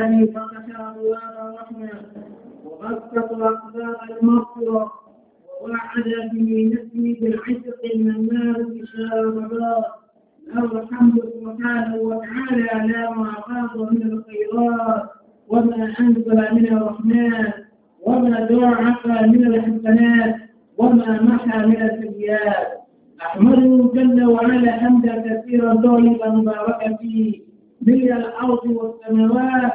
الثاني ففتح أبواب الرحمة وبسط أسباب المغفرة ووعد في نفسه بالعشق المنان بشارة له الحمد سبحانه وتعالى لا معقاب من الخيرات وما أنزل من الرحمات وما ضاعف من الحسنات وما محى من السيئات أحمده جل وعلا حمدا كثيرا طيبا مباركا فيه ملء الأرض والسماوات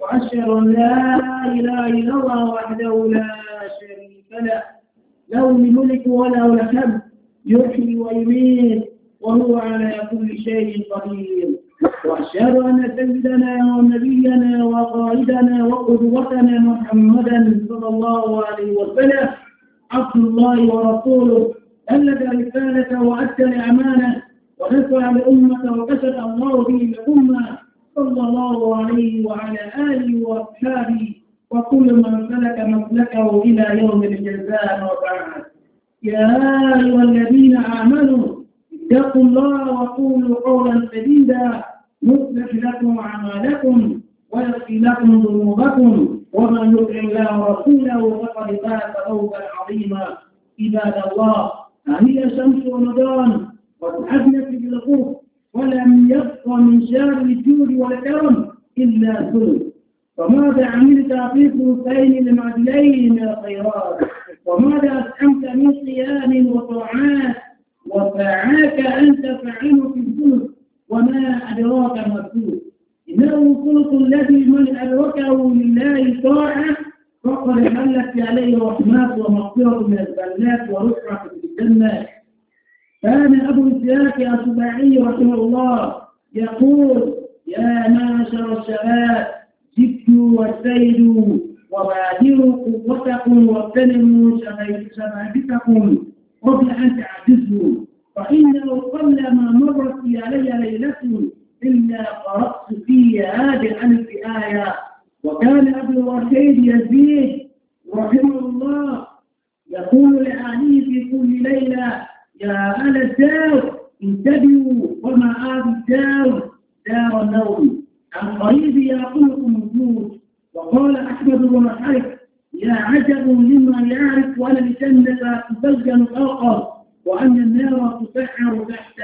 وأشهد أن لا إله إلا الله وحده لا شريك له له الملك وله الحمد يحيي ويميت وهو على كل شيء قدير وأشهد أن سيدنا ونبينا وقائدنا وقدوتنا محمدا صلى الله عليه وسلم عبد الله ورسوله بلغ رسالته وأدى الأمانة ونفع الأمة وكشف الله به الأمة صلى الله عليه وعلى آله وأصحابه وكل من سلك مسلكه إلى يوم الجزاء وبعد يا أيها الذين آمنوا اتقوا الله وقولوا قولا سديدا يصلح لكم أعمالكم ويغفر لكم ذنوبكم ومن يطع الله ورسوله فقد فاز فوزا عظيما عباد الله هي شمس رمضان وتحدث بالخوف ولم يقل ومن شر الجود والكرم إلا سوء وماذا عملت في ثلثين المعدلين يا الخيرات وماذا أسعمت من صيام وطاعات وفعاك أنت فعله في الجود وما أدراك ما إنه الثلث الذي من أدركه لله طاعة فقد حلت عليه رحمات ومغفرة من الجنات ورفعة في الجنة كان أبو الزاكي السباعي رحمه الله يقول يا معشر الشباب زدوا واجتهدوا وبادروا قوتكم واغتنموا شبابكم قبل أن تعجزوا فإنه قلما مرت علي ليلة إلا قرأت في هذه الف آية وكان أبو الرشيد يزيد رحمه الله يقول لعلي في كل ليلة يا أهل الدار انتبهوا وما هذه الدار دار النوم عن قريب يعقلكم الجود وقال احمد بن حرب يا عجب لمن يعرف ان الجنه تسجن فوقه وان النار تسحر تحت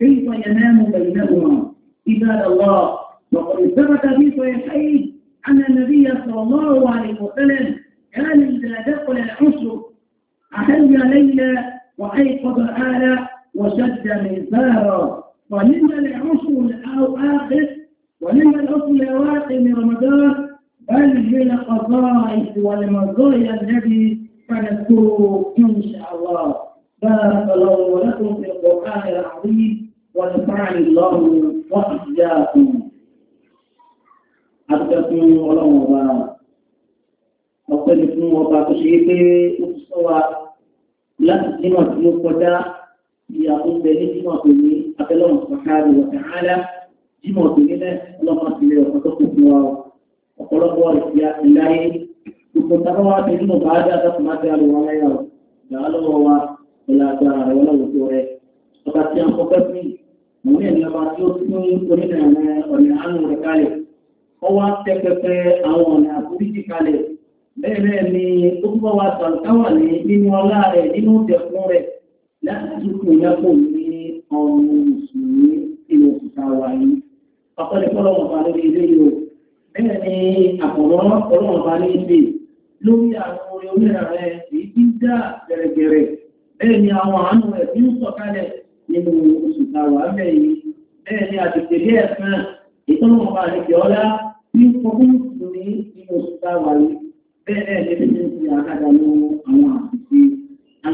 كيف ينام بينهما عباد الله وقد ثبت في صحيح ان النبي صلى الله عليه وسلم كان اذا دخل العشر احيا ليلا وايقظ الاله وشد ميزارا ولما العشر الآخر ولما العشر الأواخر من رمضان بل هي القضاء والمزايا الذي فنذكره إن شاء الله بارك الله ولكم في القرآن العظيم ونفعل الله وإياكم أبدكم ولو مبارك أقول لكم وبارك شيئا وتصوى لا تسمع في ìyá tó ń bẹ ní jímọ̀ tó ní abẹ́lọ́wọ̀n pàtàkì wọ̀tẹ̀ áńlá jímọ̀ tó ní náà ọlọ́pàá ti lè ọ̀pọ̀ tó kù fún wa ọ̀pọ̀lọpọ̀ ìyá ìláyé gbogbo tábà wá sí nínú bá dá tó má dáa lọ́wọ́ láyà ọ̀ gbàá lọ́wọ́ wa ọ̀là agbára rẹ̀ wọ́n lọ́wọ́ rẹ̀ ọba tí a ń kọ́kọ́ sí mọ̀ ní ọwọ́ tẹ́ àwọn ọ̀nà àforíjì kalẹ̀ bẹ́ẹ̀ bẹ́ẹ̀ ni ó túbọ̀ wa sàǹkáwà ní nínú ọlá rẹ̀ nínú ìdẹ̀kùn rẹ̀ láti kò yàtọ̀ ní ọmọ mùsùlùmí tí mo sì ta wà yìí. ọ̀pọ̀lọpọ̀ ọlọ́wọ̀n bá lórí ilé yìí o bẹ́ẹ̀ ni àkọ́rọ́ ọlọ́wọ̀n bá ní ilé lórí àwọn orin onírà rẹ̀ èyí tí dá gẹ̀rẹ̀gẹ̀rẹ̀ bẹ́ẹ̀ ni àwọn àánú rẹ̀ tí ń sọ̀kalẹ̀ nínú oṣù ta wà ń bẹ̀ yìí bẹ́ẹ̀ ni àtẹ̀tẹ̀ bí ẹ̀sán ìtọ́lọ́wọ̀n bá ní kí ọlá ní ọkọ̀ mùsùlùmí nínú oṣù ta wà yìí bẹ́ẹ̀ ni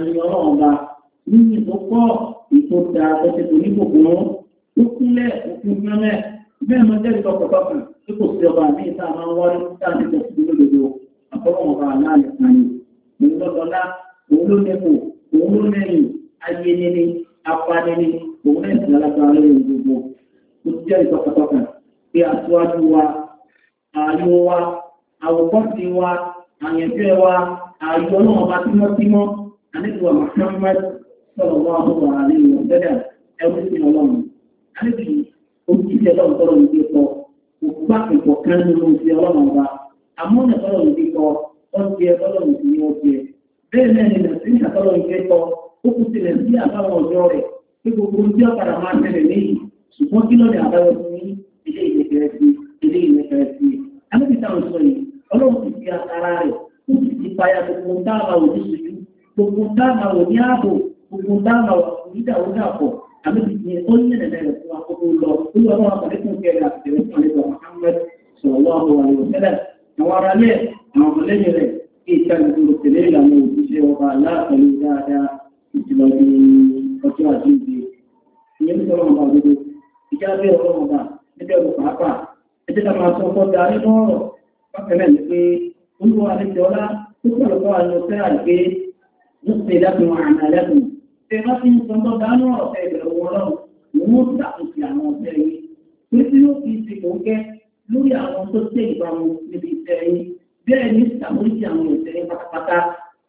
ẹ̀jẹ̀ níbi ìtọ́pọ̀ ìtọ́ta ọ̀sẹ̀tò ní gbogbo ó kúnlẹ̀ òfin mẹ́lẹ̀ bẹ́ẹ̀ mọ́ jẹ́ ìtọ́pọ̀ pàpà tí kò sí ọba ní ìta máa ń wárí tá àti ìtọ́sí ní lòdòdó àfọwọ́n ọba aláàlẹ̀ ni òun lọ́dọ́lá òun ló nẹ́kù òun ló nẹ́yìn ayé níní apáni ní òun náà ti lálágbára lórí gbogbo ó jẹ́ ìtọ́pọ̀ pàpà pé aṣíwájú wa ààyò wa àwòkọ́sí wa àyẹ̀fẹ́ sọ̀rọ̀ wọn àwọn àlẹ́ ìwọ̀n tẹ́lẹ̀ ẹ̀rú sí ọlọ́run. Àlejò ojúṣe ọlọ́run tọrọ ìdí kọ, òkú bá kẹ̀kọ́ kan nínú oṣù ọlọ́run wa. Àmọ́ ọ̀nà tọrọ ìdí kọ, ọ̀jẹ̀ ọlọ́run sì ni ọ̀jẹ̀. Bẹ́ẹ̀ náà ni Nàìjíríà tọrọ ìdí kọ, ó kú sílẹ̀ sí àbáwọn ọ̀dọ́ rẹ̀ pé gbogbo ojú ọ̀padà máa gbogbo dáàmà òní ààbò gbogbo dáhà onídàwọ́dà pọ̀ àbẹ́bí ni ó ní ẹ̀rẹ̀ rẹ̀ fún akókó lọ olú ọlọ́wọ́ àpàdékùn Muhammad sọ̀rọ̀lọ́ àwọn àlèwọ̀sẹ́lẹ̀ àwọn ará lẹ̀ àwọn ọmọlẹ́yìn rẹ̀ kí ìta gbogbo tẹ̀lé ìlànà òṣìṣẹ́ ọba aláàpẹ̀lú dáadáa ìjìnlẹ̀ ọjọ́ àjíǹde ìyẹn sọ̀rọ̀ ọba gbogbo ìjà bẹ́ẹ̀ ọlọ́run ọba níbẹ̀ ọ̀rọ̀ pàápàá ẹjẹ́ ká máa sọ ọkọ̀ darí lọ́rọ̀ bákẹ́lẹ̀ ni pé olúwa àlejò ọlá tó sọ̀rọ̀ ẹ bá ti ń sọ tó dánú ọ̀rọ̀ ẹgbẹ̀rún wọn lọ́rùn òun ó ti àkùnfì àwọn ọ̀sẹ̀ yìí pé tí yóò fi ṣe kò ń gẹ́ lórí àwọn tó ṣe ìbámu níbi ìṣẹ́ yìí bẹ́ẹ̀ ni ṣàmúlìṣì àwọn ìṣẹ́ yìí pátápátá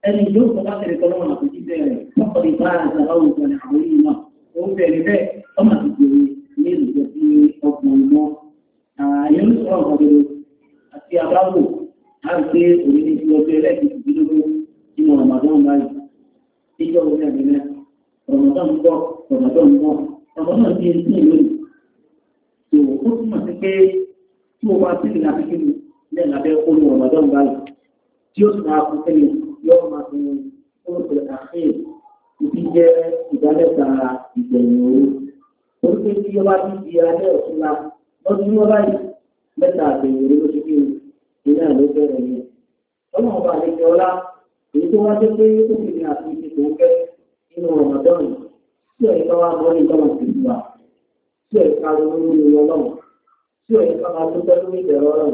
ẹni yóò sọ bá tẹ̀lé tọ́lọ́run àkójú bẹ́ẹ̀ rẹ̀ lọ́kọ̀ ní bá àgbà ọ̀rùn ìgbọ̀n àwọn yìí náà òun Ramadan bọ̀ Ramadan bọ̀ Ramadan ti ní ìlú yìí tó ó túmọ̀ sí pé tí o bá sí ìlànà kíkiri lẹ́yìn abẹ́ olú Ramadan báyìí tí ó sì máa kú sílẹ̀ yóò máa fi olùkọ́ àfihàn ìdí jẹ́ ìdálẹ́ta ìgbẹ̀yìn di alẹ́ ọ̀túnla lọ́dún yọba yìí mẹ́ta àgbẹ̀yìn òru ló ti kí o ìyá ló bẹ̀rẹ̀ yẹn ọlọ́run bá àlejò ọlá èyí tó wá dé pé ó fi ní àfihàn ìṣètò ń kẹ́rù nínú ọ̀mọ̀dọ́n tí ẹ̀ka wa bọ́ ní ìjọba ìlú tí ẹ̀ka ronú ní ọlọ́run tí ẹ̀ka máa tó tẹ́lú ní ọlọ́run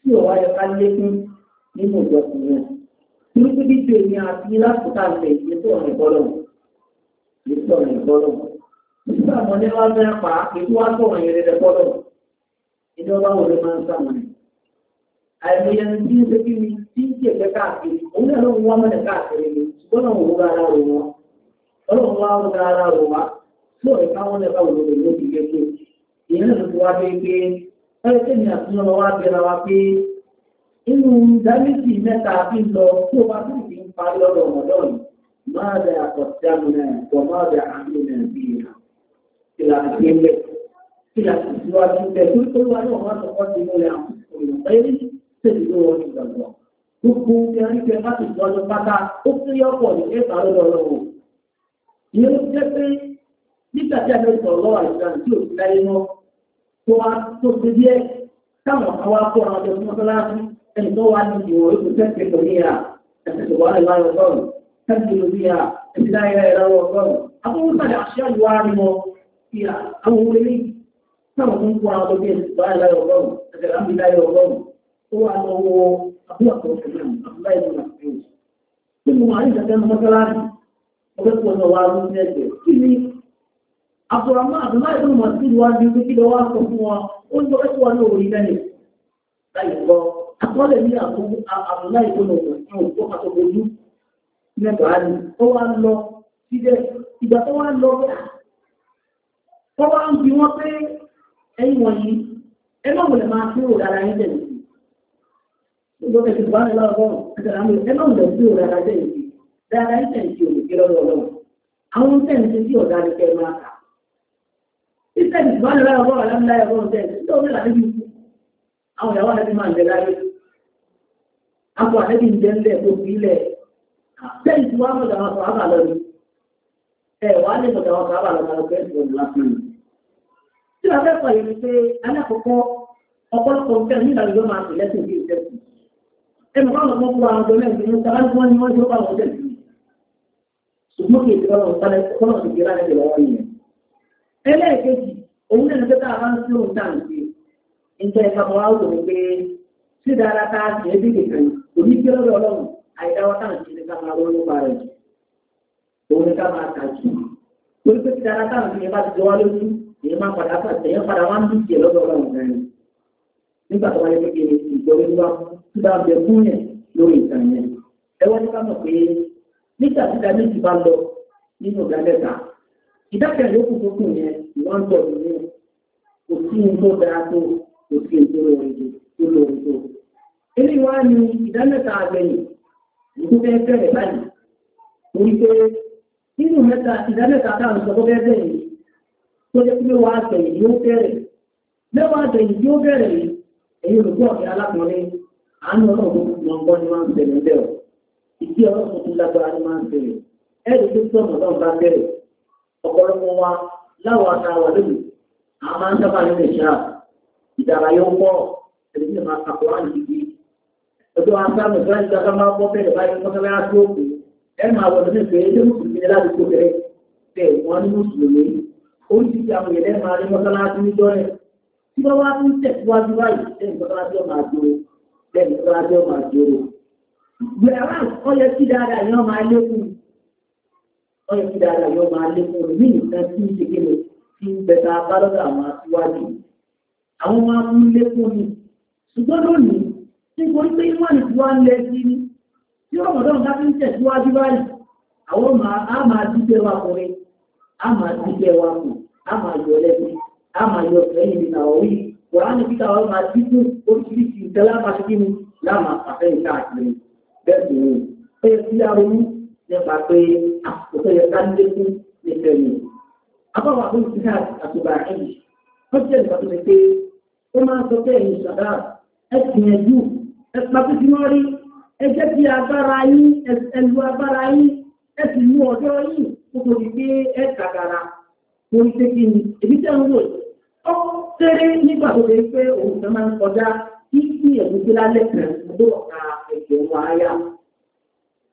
tí ọ̀wá ẹ̀ka lékún nínú ìjọsìn náà. Nítorí bí tí èmi àti lákòókò àṣẹ ìṣètò ọ̀rẹ́ bọ́lọ̀ ìṣètò ọ̀rẹ́ bọ́lọ̀ nígbà mọ́ ní wá fẹ́ pa ètò wá sọ̀rọ̀ yẹn rẹ̀ bọ́lọ̀ ìjọba wo ló máa ń sàmọ̀ ní. Àìmọye ní tí ń ṣe kí ni tí ń ṣe ẹ̀kẹ́ káàkiri, òun náà ló ń wá mọ́lẹ̀ káàkiri ni, ṣùgbọ́n àwọn òwúrọ̀ ara rẹ̀ wọn ọlọ́run wá ń da ara rò wá tí ọ̀rẹ́ káwọn lè bá wò lórí ló fi gé tó ìyẹn náà ló fi wá dé pé ẹni tẹ́mi àtúnyọ́ lọ wá bẹ̀rẹ̀ wa pé inú dáríjì mẹ́ta fi lọ tí o bá tó ti ń parí ọ̀rọ̀ ọ̀dọ́rùn máa bẹ àkọsíàmù náà pọ̀ máa bẹ àmì náà bí i hàn kí la ti gbé lẹ̀ kí la ti síwájú bẹ̀ tó tó wá ní ọ̀rọ̀ àtọ̀kọ́ ti mú lẹ̀ àwọn òyìnbó eré tẹ̀lé ló wọ́n ti gbàgbọ́ gbogbo ẹni tẹ bá ti gbọ́dọ̀ pátá ó tún yọ̀pọ̀ ní ẹ̀ka lọ́dọ̀ ọlọ́run ìyẹn ló jẹ́ pé nígbà tí a fẹ́ sọ̀rọ̀ lọ́wọ́ àìsàn tí ò láyé mọ́ tó wá tó ṣe díẹ̀ táwọn kan wá kó àwọn ọjọ́ mọ́sálásí ẹni tó wá ní ìwọ̀ ètò tẹ́sí ẹ̀kọ́ ní ìhà ẹ̀sẹ̀ tó wà láyé ọgọ́rùn tẹ́sí ló bí ìhà ẹ̀sẹ̀ láyé ẹ̀rọ ọgọ́rùn. àwọn olùsàlẹ̀ àṣẹ àyùwá ni mo fi àwọn orí táwọn tó ń kó àwọn ọjọ́ ẹ̀sẹ̀ tó wà láyé ọgọ́rùn ẹ̀sẹ̀ láyé láyé ọgọ́rùn tó wà lọ́wọ́ abúlé àkọ́kọ́ náà àbúlé ìlú ọ̀pẹ́pọ̀ náà wá rú mẹ́jẹ̀ kí ni abdulrahman abdullahi ibn masud wá ní pé kí lọ wá sọ fún wa ó ń lọ ẹ̀kọ́ wa ní òwò ilẹ̀ ni láì gbọ́ akọ́lẹ̀ ní abdullahi ibn masud tó kà tó bojú mẹ́bàá ni ó wá lọ síbẹ̀ ìgbà tó wá lọ tó wá ń bi wọ́n pé ẹ̀yin wọ̀nyí ẹ má wọlé máa fi òòrùn ara yín tẹ̀lé gbogbo ẹ̀sìn ìbáraẹ̀lá ọgọ́rùn-ún ẹ̀sìn àwọn ẹ̀mọ́ ìdọ̀tí òòrùn ara tẹ̀lé dáadáa yín tẹ̀lé ìgbé lọ́dọ̀ ọlọ́run àwọn ohun tẹ̀lé ṣe sí ọ̀dà ni kẹ́ máa kà títẹ̀ ní ìbánu lára ọgbọ́n alámúlá ẹ̀rọ tẹ̀ títẹ̀ omi là níbi ikú àwọn ìyàwó àti máa ń bẹ láyé akọ àtẹ́bí ń bẹ ńlẹ̀ tó fi ilẹ̀ tẹ́lẹ̀ tí wọ́n á mọ̀tà wọn sọ̀rọ̀ àbàlọ́ ni ẹ̀ wọ́n á lè mọ̀tà wọn sọ̀rọ̀ ni. tí wọ́n fẹ́ kọ́ yìí pé alákọ̀ọ́kọ́ ọ̀pọ̀lọpọ̀ nǹkan nígbà yóò máa tẹ̀lẹ́sìn bí ìṣẹ́kù ẹ̀ ṣùgbọ́n kì í fi ọlọ́run sálẹ̀ kọ́nà ti fi rárẹ̀ lọ́wọ́ yẹn. ẹlẹ́ẹ̀kejì òun náà nígbà tá a bá ń sí òun náà ṣe nígbà ẹ̀ka mọ́ àwọn òun pé sí dára tá a ṣe é bí kìkan òní fi lọ́dọ̀ ọlọ́run àìdáwọ́ tá à ń ṣe ní ká máa wọ́n nípa rẹ̀ jù òun ní ká máa kà jù torí pé sí dára tá bá ń bẹ fún yẹn lórí ìtàn yẹn ní ká mọ̀ pé nígbà tí ìdá méjì bá lọ nínú ìdá mẹ́ta ìdákẹ́ yòókù tó kù yẹn wọ́n tọ̀ nínú kò sí ohun tó dáa tó kò sí ohun tó lóore tó tó lóore tó. eléyìí wá ní ìdá mẹ́ta àgbẹ̀yìn ìlú fẹ́ bẹ̀rẹ̀ báyìí orí pé nínú mẹ́ta ìdá mẹ́ta táwọn sọ tó fẹ́ bẹ̀rẹ̀ yìí tó jẹ́ pé wàá bẹ̀rẹ̀ yóò bẹ̀rẹ̀ mẹ́wàá bẹ̀rẹ̀ yóò bẹ̀rẹ̀ yìí èyí olùkọ́ ọ̀gá alákùnrin àánú ọlọ́run lọ́gbọ́n ni wọ́n ń bẹ̀rẹ̀ bẹ́ẹ̀ tí ọlọ́run ti lágbára ní máa ń bẹ̀rẹ̀ ẹ̀rí tó tọ̀nà náà bá bẹ̀rẹ̀ ọ̀pọ̀lọpọ̀ wa láwọn ata wà lónìí àwọn máa ń sábà nínú ìṣá ìdárayá ń pọ̀ ẹ̀rí ní máa kàkọ́ àmì ìdí ọjọ́ asámi fúláṣí dáká máa bọ́ bẹ̀rẹ̀ báyìí mọ́tàlá tó kù ẹ̀ máa wọ̀ lónìí pé ẹjẹ́ mùsùlùmí láti tó bẹ̀rẹ̀ bẹ́ẹ̀ wọ́n ní mùsùlùmí ó ń ti àwọn ìyẹn máa rí mọ́tàlá gbẹ̀rán ọyẹ kí dáadáa yọ máa lékún ọyẹ kí dáadáa lékún rẹ̀ nínú tí ń pé wọ́n ń lẹ sí ní tí ti ń tẹ̀síwájú báyìí àwọn a máa dídẹ́ wa kọrin a máa dídẹ́ wa kù a máa yọ lẹ́gbẹ̀ẹ́ a máa yọ bẹ́ẹ̀ ni pé kí a ronú nípa pé àkókò yẹ ká lékún ní ìfẹ̀yìn. Àbáwọ̀ àbúrò ti ká àtùbà ẹ̀yìn. Wọ́n jẹ́ ìgbà tó ti pé ó máa sọ pé ẹ̀yìn ṣàdá ẹ gbìyànjú ẹ pàtó sí wọ́n rí ẹ jẹ́ kí agbára yín ẹ lu agbára yín ẹ mú ọjọ́ yín kókò ní pé ẹ kàkàrà orí pé kí ni èmi tẹ́ ń wò ó kéré nígbà tó ti pé òun kan máa ń kọjá èèyàn gbígbé lálẹ́ kan ọdún ọ̀ka ẹgbẹ̀rún àáyá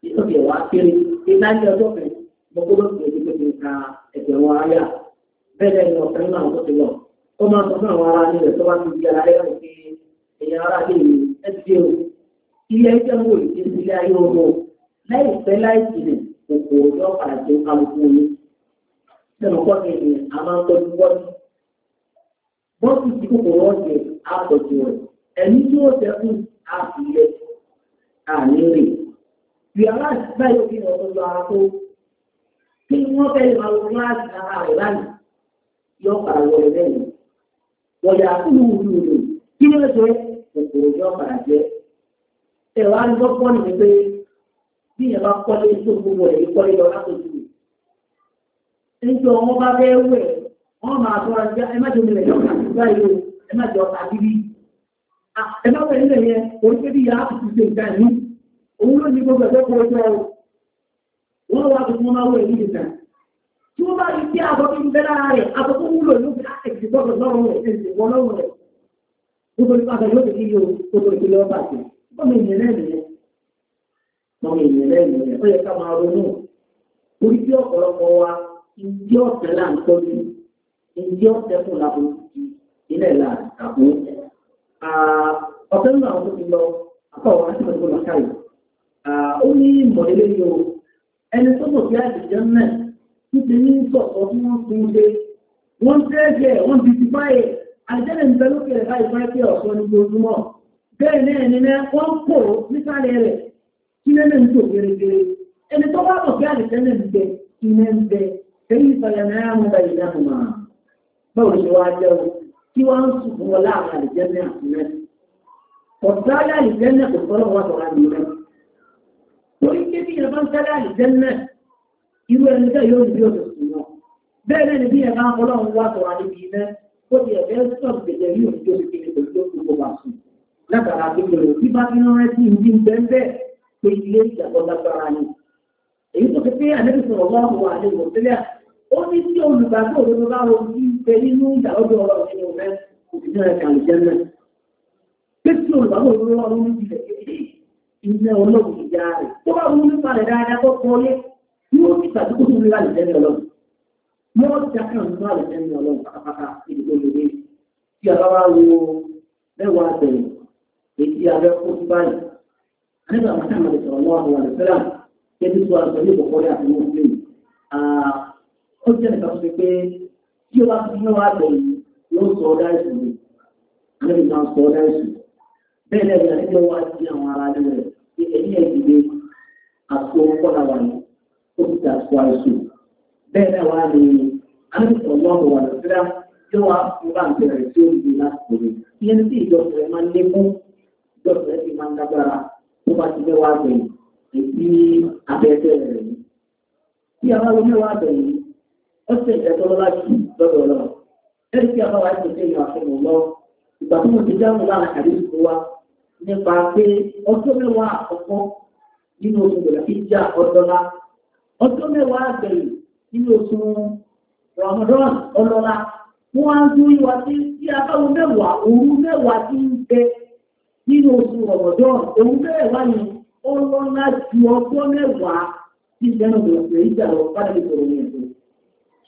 ìtọ́jú ẹ̀wà kéré ìlànà ọjọ́ kan gbọ́gbọ́dọ̀ tó ẹgbẹ́ tó ka ẹgbẹ̀rún àáyá bẹ́ẹ̀ ni ọ̀sán náà tó ti lọ. ó máa sọ fún àwọn ará nílẹ̀ tó wá ti di ara ẹ̀rọ pé èèyàn ará lè ní ẹ̀sì o ilé ẹjẹ́ wo ìdí ilé ayé ọmọ láìpẹ́ láìsílẹ̀ òkò ọjọ́ àti alùpùpù ni. sẹ́nu kọ́ ni a máa ń tọ́jú bọ́ọ̀sì bọ́ọ̀sì tí kòkòrò ọ̀jẹ̀ á tọ́jú rẹ̀ ẹ̀mí tí ó tẹ́kù àfilẹ̀ àníre. Bí ara báyìí fi hàn tó lọ ara tó, kí wọ́n fẹ́ máa wọ láti ara rẹ̀ lánàá, yọ para wọ ẹ̀ lẹ́yìn. Wọ̀yà kúrú wúlò rẹ̀, kí wọ́n jẹ́ kòkòrò yọ para jẹ́. Ẹ̀wà ń gbọ́pọ́ nìyí pé bí yẹn bá kọ́lé tó gbogbo ẹ̀ kọ́lé lọ látòjú. Níjọ́ wọn bá fẹ́ wẹ̀, wọ́n máa tọ́ra jẹ́ ẹ má jẹ́ omi rẹ̀ yọ̀ọ̀ta báyìí o, ẹ má jẹ́ ọ̀ta bíbí ẹgbẹ́ ilẹ̀ yẹn oríṣẹ́bí ya ti ṣe ìgbà ní òun ló ní gbogbo ẹgbẹ́ kó ọjọ́ ọ̀rọ̀ wọ́n wá tuntun máa wọ èyí nìkan tí wọ́n bá rí sí àbọ̀ tó ń bẹ́ lára rẹ̀ àbọ̀ tó wúlò ló fi àtẹ̀sí gbọ́dọ̀ lọ́rùn rẹ̀ ẹ̀sìn wọn lọ́rùn rẹ̀ gbogbo nípa àgbà yóò fi yọ gbogbo ìpínlẹ̀ ọba sí ọmọ ènìyàn náà nìyẹn ọmọ ènìyàn náà ọ̀tẹ́ nínú àwọn tó ti lọ apá ọ̀rọ̀ láti lọ́gbọ́n lọ́ka yìí ó ní ìmọ̀lélé yìí o ẹni tó mọ̀ sí àjẹjẹ́ náà níbi ní sọ̀tọ̀ tí wọ́n fún un dé wọ́n tẹ́ẹ̀jẹ̀ wọ́n ti ti báyẹ̀ àjẹ́lẹ̀ ń bẹ lókè rẹ̀ báyìí fẹ́ pé ọ̀sọ́ ní gbogbo bẹ́ẹ̀ náà ni wọ́n kò nísàlẹ̀ rẹ̀ kí lẹ́nà ń tò gẹ́gẹ́ ẹni tó bá mọ̀ tí wọ́n ń sùn fún wọn láàrin àlìjẹ́nà àti rẹ̀. ọ̀sálà àlìjẹ́nà kò tọ́lọ̀ wà sọ̀rọ̀ àmì rẹ̀. torí pé bí ìyẹn bá ń sálà àlìjẹ́nà irú ẹni bẹ́ẹ̀ yóò rí òdò sùn lọ. bẹ́ẹ̀ náà bí ìyẹn bá ń ọlọ́run wà sọ̀rọ̀ àmì bíi iná ó ti ẹ̀fẹ́ sọ̀rọ̀ gẹ̀gẹ̀ rí òdò tó fi rán ni. èyí tó ó ní tí bá wo ti bẹ nínú ìjà fẹ́ òṣìṣẹ́ rẹ̀ kà jẹ́ náà. Pétí olùbáwò ló wọ́n ló ní ilẹ̀ ilé ọlọ́run ìjà rẹ̀. Tó bá wù nípa rẹ̀ dáadáa tó kọ́ lé, yóò ti ṣàdúgbò tó nílá lẹ́nu ọlọ́run. Mọ́ ti dákà nípa rẹ̀ lẹ́nu ọlọ́run pátápátá ìdìbò lòdì. Tí a bá wá wo mẹ́wàá bẹ̀rẹ̀, èyí abẹ́ kó tó báyìí. Nígbà máa tàbí àti sọ̀rọ̀ lọ́wọ́ àwọn àlùfẹ́rà, ṣé bí wọ́n sọ yóò kọ́lé àti wọ́n fi ó jẹ́ nìkan tó ṣe pé tí ó bá fi mẹ́wàá bẹ̀rẹ̀ wọ́n sọ ọ́dá ìsìn ní àmì máa sọ ọ́dá ìsìn bẹ́ẹ̀ lẹ́yìn àtijọ́ wá sí àwọn ará ilé rẹ̀ pé ẹ̀yìn ẹ̀dìdẹ àti ohun kọ́lá wà ní ó ti dà sọ àìsùn bẹ́ẹ̀ náà wá ní àmì sọ̀rọ̀ ọ̀rọ̀ wà lọ́sílá tí wọ́n á fún bá bẹ̀rẹ̀ tí ó ń di láti rè ìyẹn tí ìjọsìn rẹ̀ máa ń lékún ìjọsìn rẹ̀ ti máa ń dágbára tó bá ti mẹ́wàá bẹ̀rẹ̀ èyí abẹ́ẹ́fẹ́ rẹ̀ ní. bí àwọn ẹni tí a bá wà ní ìpínlẹ̀ ìlú àfẹ́mọ̀ lọ ìgbà tí mo ti dáhùn láwọn àdéhùn wa nípa pé ọjọ́ mẹ́wàá àkọ́kọ́ nínú oṣù bẹ̀rẹ̀ fi já ọdọ́lá ọjọ́ mẹ́wàá àgbẹ̀yìn nínú oṣù Ramadan ọlọ́lá wọ́n á ń tún ìwà tí tí a bá wo mẹ́wàá òun mẹ́wàá ti ń bẹ nínú oṣù Ramadan òun mẹ́wàá yẹn ọlọ́lá ju ọjọ́ mẹ́wàá tí ìjẹ́nu bẹ̀rẹ̀ ìjà lọ bá dẹ̀ sọ̀rọ̀ yẹn tó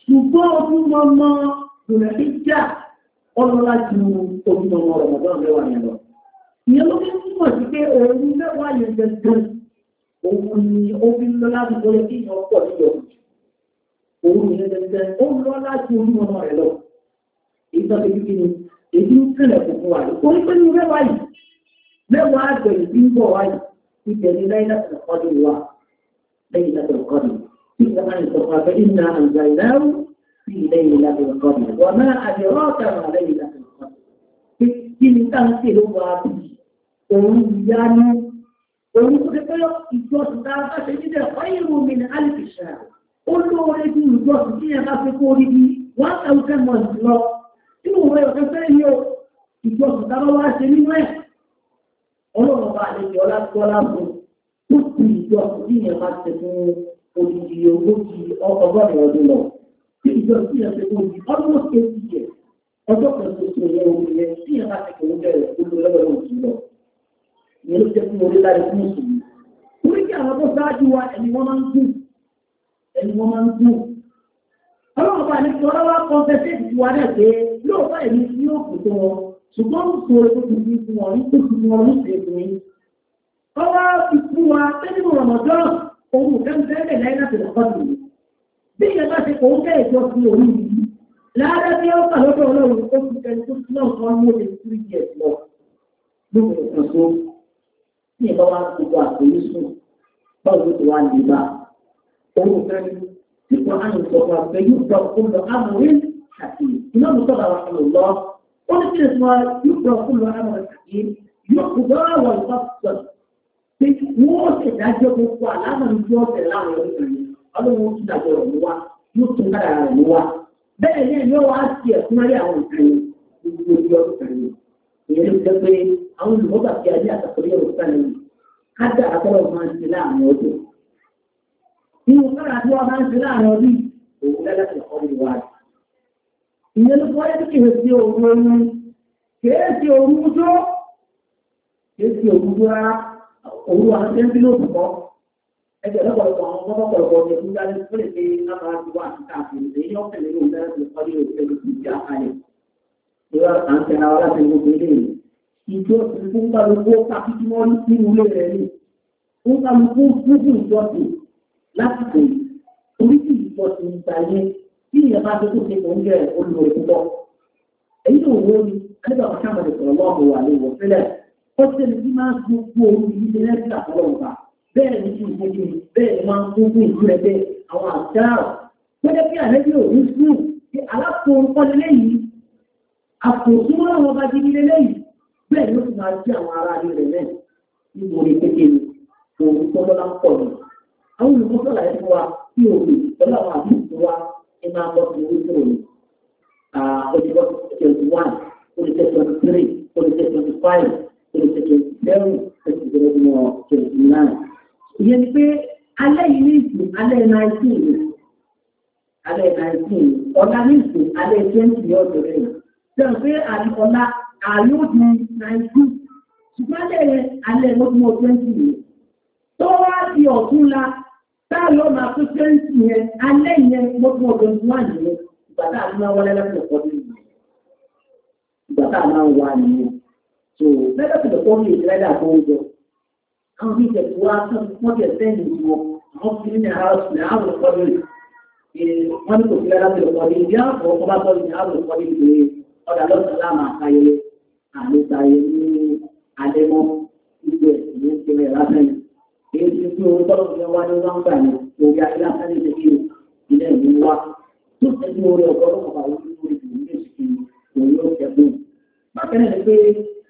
ṣùgbọ́n ọdún mọ́mọ́ lọ́nà ìjà ọlọ́lá ju oṣù ọmọ ọ̀rọ̀mọ̀dọ́ mẹ́wàá yẹn lọ. ìyẹn ló fi ń túmọ̀ sí pé òun mẹ́wàá yẹn gẹ́gẹ́ òun ni ó fi ń lọ láti bọ́lẹ̀ kí ìyẹn pọ̀ nílò òun ni gẹ́gẹ́ ó ń lọ láti orí ọmọ rẹ̀ lọ. èyí tó ti kíkí ni èyí ń kílẹ̀ fún wa yìí torí pé ní mẹ́wàá yìí mẹ́wàá àgbẹ̀yìn tí ń bọ̀ wá yìí ibẹ̀ ni láyé láti ọ̀kọ́dún wa lẹ́yìn láti ọ̀kọ́dún. Ìjọba ìsọ̀kọ̀ àbẹ́ ìnà àgbà ìlẹ́rù في ليلة القدر وما أدراك ما ليلة القدر في تنسل وابي وياني ويقول الجوز دابا شديد خير من ألف شهر قل له ولدي الجوز دي ما في قولي وأنت أو كم وزلو إنه هو يقول له الجوز دابا واشمين وين ọlọ́run bá lè yọ lágbọ́lá fún ó sì ìjọ ìyẹn bá ti mú odidi ogójì ọgọ́rùn-ún ọdún lọ ìjọ sí ẹsẹ̀ tó di ọdún tó ti jẹ ọjọ́ kan tó ti yẹ omi yẹ sí ẹ̀ láti kò ń bẹ̀rẹ̀ olùlọ́wọ́ òjì lọ. ìyẹn ló jẹ́ fún orí láti fún ìṣòro. orí kí àwọn tó ṣáájú wa ẹni wọ́n máa ń dùn ẹni wọ́n máa ń dùn. ọlọ́run bá ní sọ ọ́lá kọ́ńtẹ́sẹ̀tì ti wá náà pé lóòótọ́ ẹ̀mí sí òkú tó wọn ṣùgbọ́n bí ìyẹn bá ti kò ń bẹ́ẹ̀ jọ sí òun yìí láàárọ̀ tí ó kà lọ́dọ̀ ọlọ́run tó fi ẹni tó fi náà kan ní òde three years lọ lóko nǹkan tó ní ìbá wa ti gba àfojúsùn báwo ló ti wá lè bá owó kẹrin tí kò á lè sọ fún abẹ yóò gba òun lọ ọlọ́run ti dàgbọ́ rẹ̀ mú wa yóò tún kára rẹ̀ mú wa bẹ́ẹ̀ ni ẹ̀yọ́ wa ti ẹ̀kún ayé àwọn nǹkan gbogbo ojú ọdún kan yẹn ìyẹn ló jẹ́ pé àwọn olùmọ́gbà fi ayé àtàkùnrin ọ̀rọ̀ kan yẹn kájà àtọ́rọ̀ máa ń ṣe láàrin ọdún nínú kára tí wọ́n máa ń ṣe láàrin ọdún òun lẹ́lẹ́ ti kọ́ mi wá ìyẹn ló fọ́ yẹn kìí sí òun oorun kìí sí òun tó kìí sí rárá òun wà ń tẹ́ńtì ẹgbẹ́ lọ́pọ̀lọpọ̀ àwọn ọmọ lọ́pọ̀lọpọ̀ ọ̀dẹ̀ tó dájú tó lè fi lábàá ti wá àti káàkiri èyí yóò tẹ̀lé ní ìdájọ́ tó kọ́ yóò tẹ̀lé sí ìjà àlẹ́. ìwà à ń tẹ̀lé àwọn aláṣẹ gbogbo ilé yìí. ìjọ tuntun ń kálukú kápítí mọ́ nínú ilé rẹ̀ ni. ń kálukú gbogbo ìjọsìn lásìkò oríṣi ìjọsìn ìgbà yẹn bí ìyẹn bá tó tó ṣe kò ń jẹ olùwẹ̀ púpọ̀. èyí tó wọ́n ni alẹ́ bàbá sábà lè sọ̀rọ̀ lọ́wọ́ bẹ́ẹ̀ ni kí n gbogbo bẹ́ẹ̀ máa ń kún fún ìlú ẹgbẹ́ àwọn àdáà tó jẹ́ kí àlejò òní sùn kí alákòókò lélẹ́yìí àkòsúnmọ́ àwọn ọba gidi lélẹ́yìí bẹ́ẹ̀ ló ti máa jẹ́ àwọn ará rẹ̀ lẹ́yìn níbo ni kékeré òun tó lọ́la ń pọ̀ nù. àwọn olùkọ́ sọ̀rọ̀ ẹ̀ fún wa kí òwe pẹ̀lú àwọn àbíkú wa ẹ máa bọ́ sí orí fún òun. olùkọ́ twenty one olùkọ́ twenty three olùkọ́ twenty five olùkọ́ twenty seven olùkọ́ twenty nine ìyẹn ni pé alẹ́ yìí ní ìsìn alẹ́ nineteen alẹ́ nineteen ọ̀la ní ìsìn alẹ́ twenty ọ̀dọ̀ rẹ̀ sẹ́wọ̀n pé ọ̀la ààyò di nineteen ṣùgbọ́n alẹ́ rẹ̀ alẹ́ lọ́gbọ̀n twenty yìí tó wá di ọ̀tún la táàlọ́ máa tó twenty yẹn alẹ́ yẹn lọ́gbọ̀n twenty one yẹn ìgbà tá a ti máa wọlé lẹ́sìn ọ̀pọ̀ nínú ìgbà tá a máa wà nínú kan ní ìjẹ̀kúwá tán wọ́n jẹ̀ sẹ́yìn ìwọ̀ àwọn kí ní àárọ̀ ní àárọ̀ pọ̀lú wọ́n ní kò fi lára bẹ̀rẹ̀ pọ̀lú ìdí àpò ọba pọ̀lú ní àárọ̀ pọ̀lú ìgbé ọ̀dà lọ́sàn láàmà àtayẹ àmìtayẹ ní àdẹ́mọ́ ìgbẹ́ ìlú ìpínlẹ̀ lásán yìí èyí ti fi owó tọ́lọ̀ fi wá ní wọ́n gbà ní orí ayé lásán ní ìdíjú ilé ìlú wa tó ti di orí ọgọ́rùn ọba orí orí ìlú méjì kí òun yóò kẹ́kọ̀ọ́ bàtẹ́rẹ̀ ni pé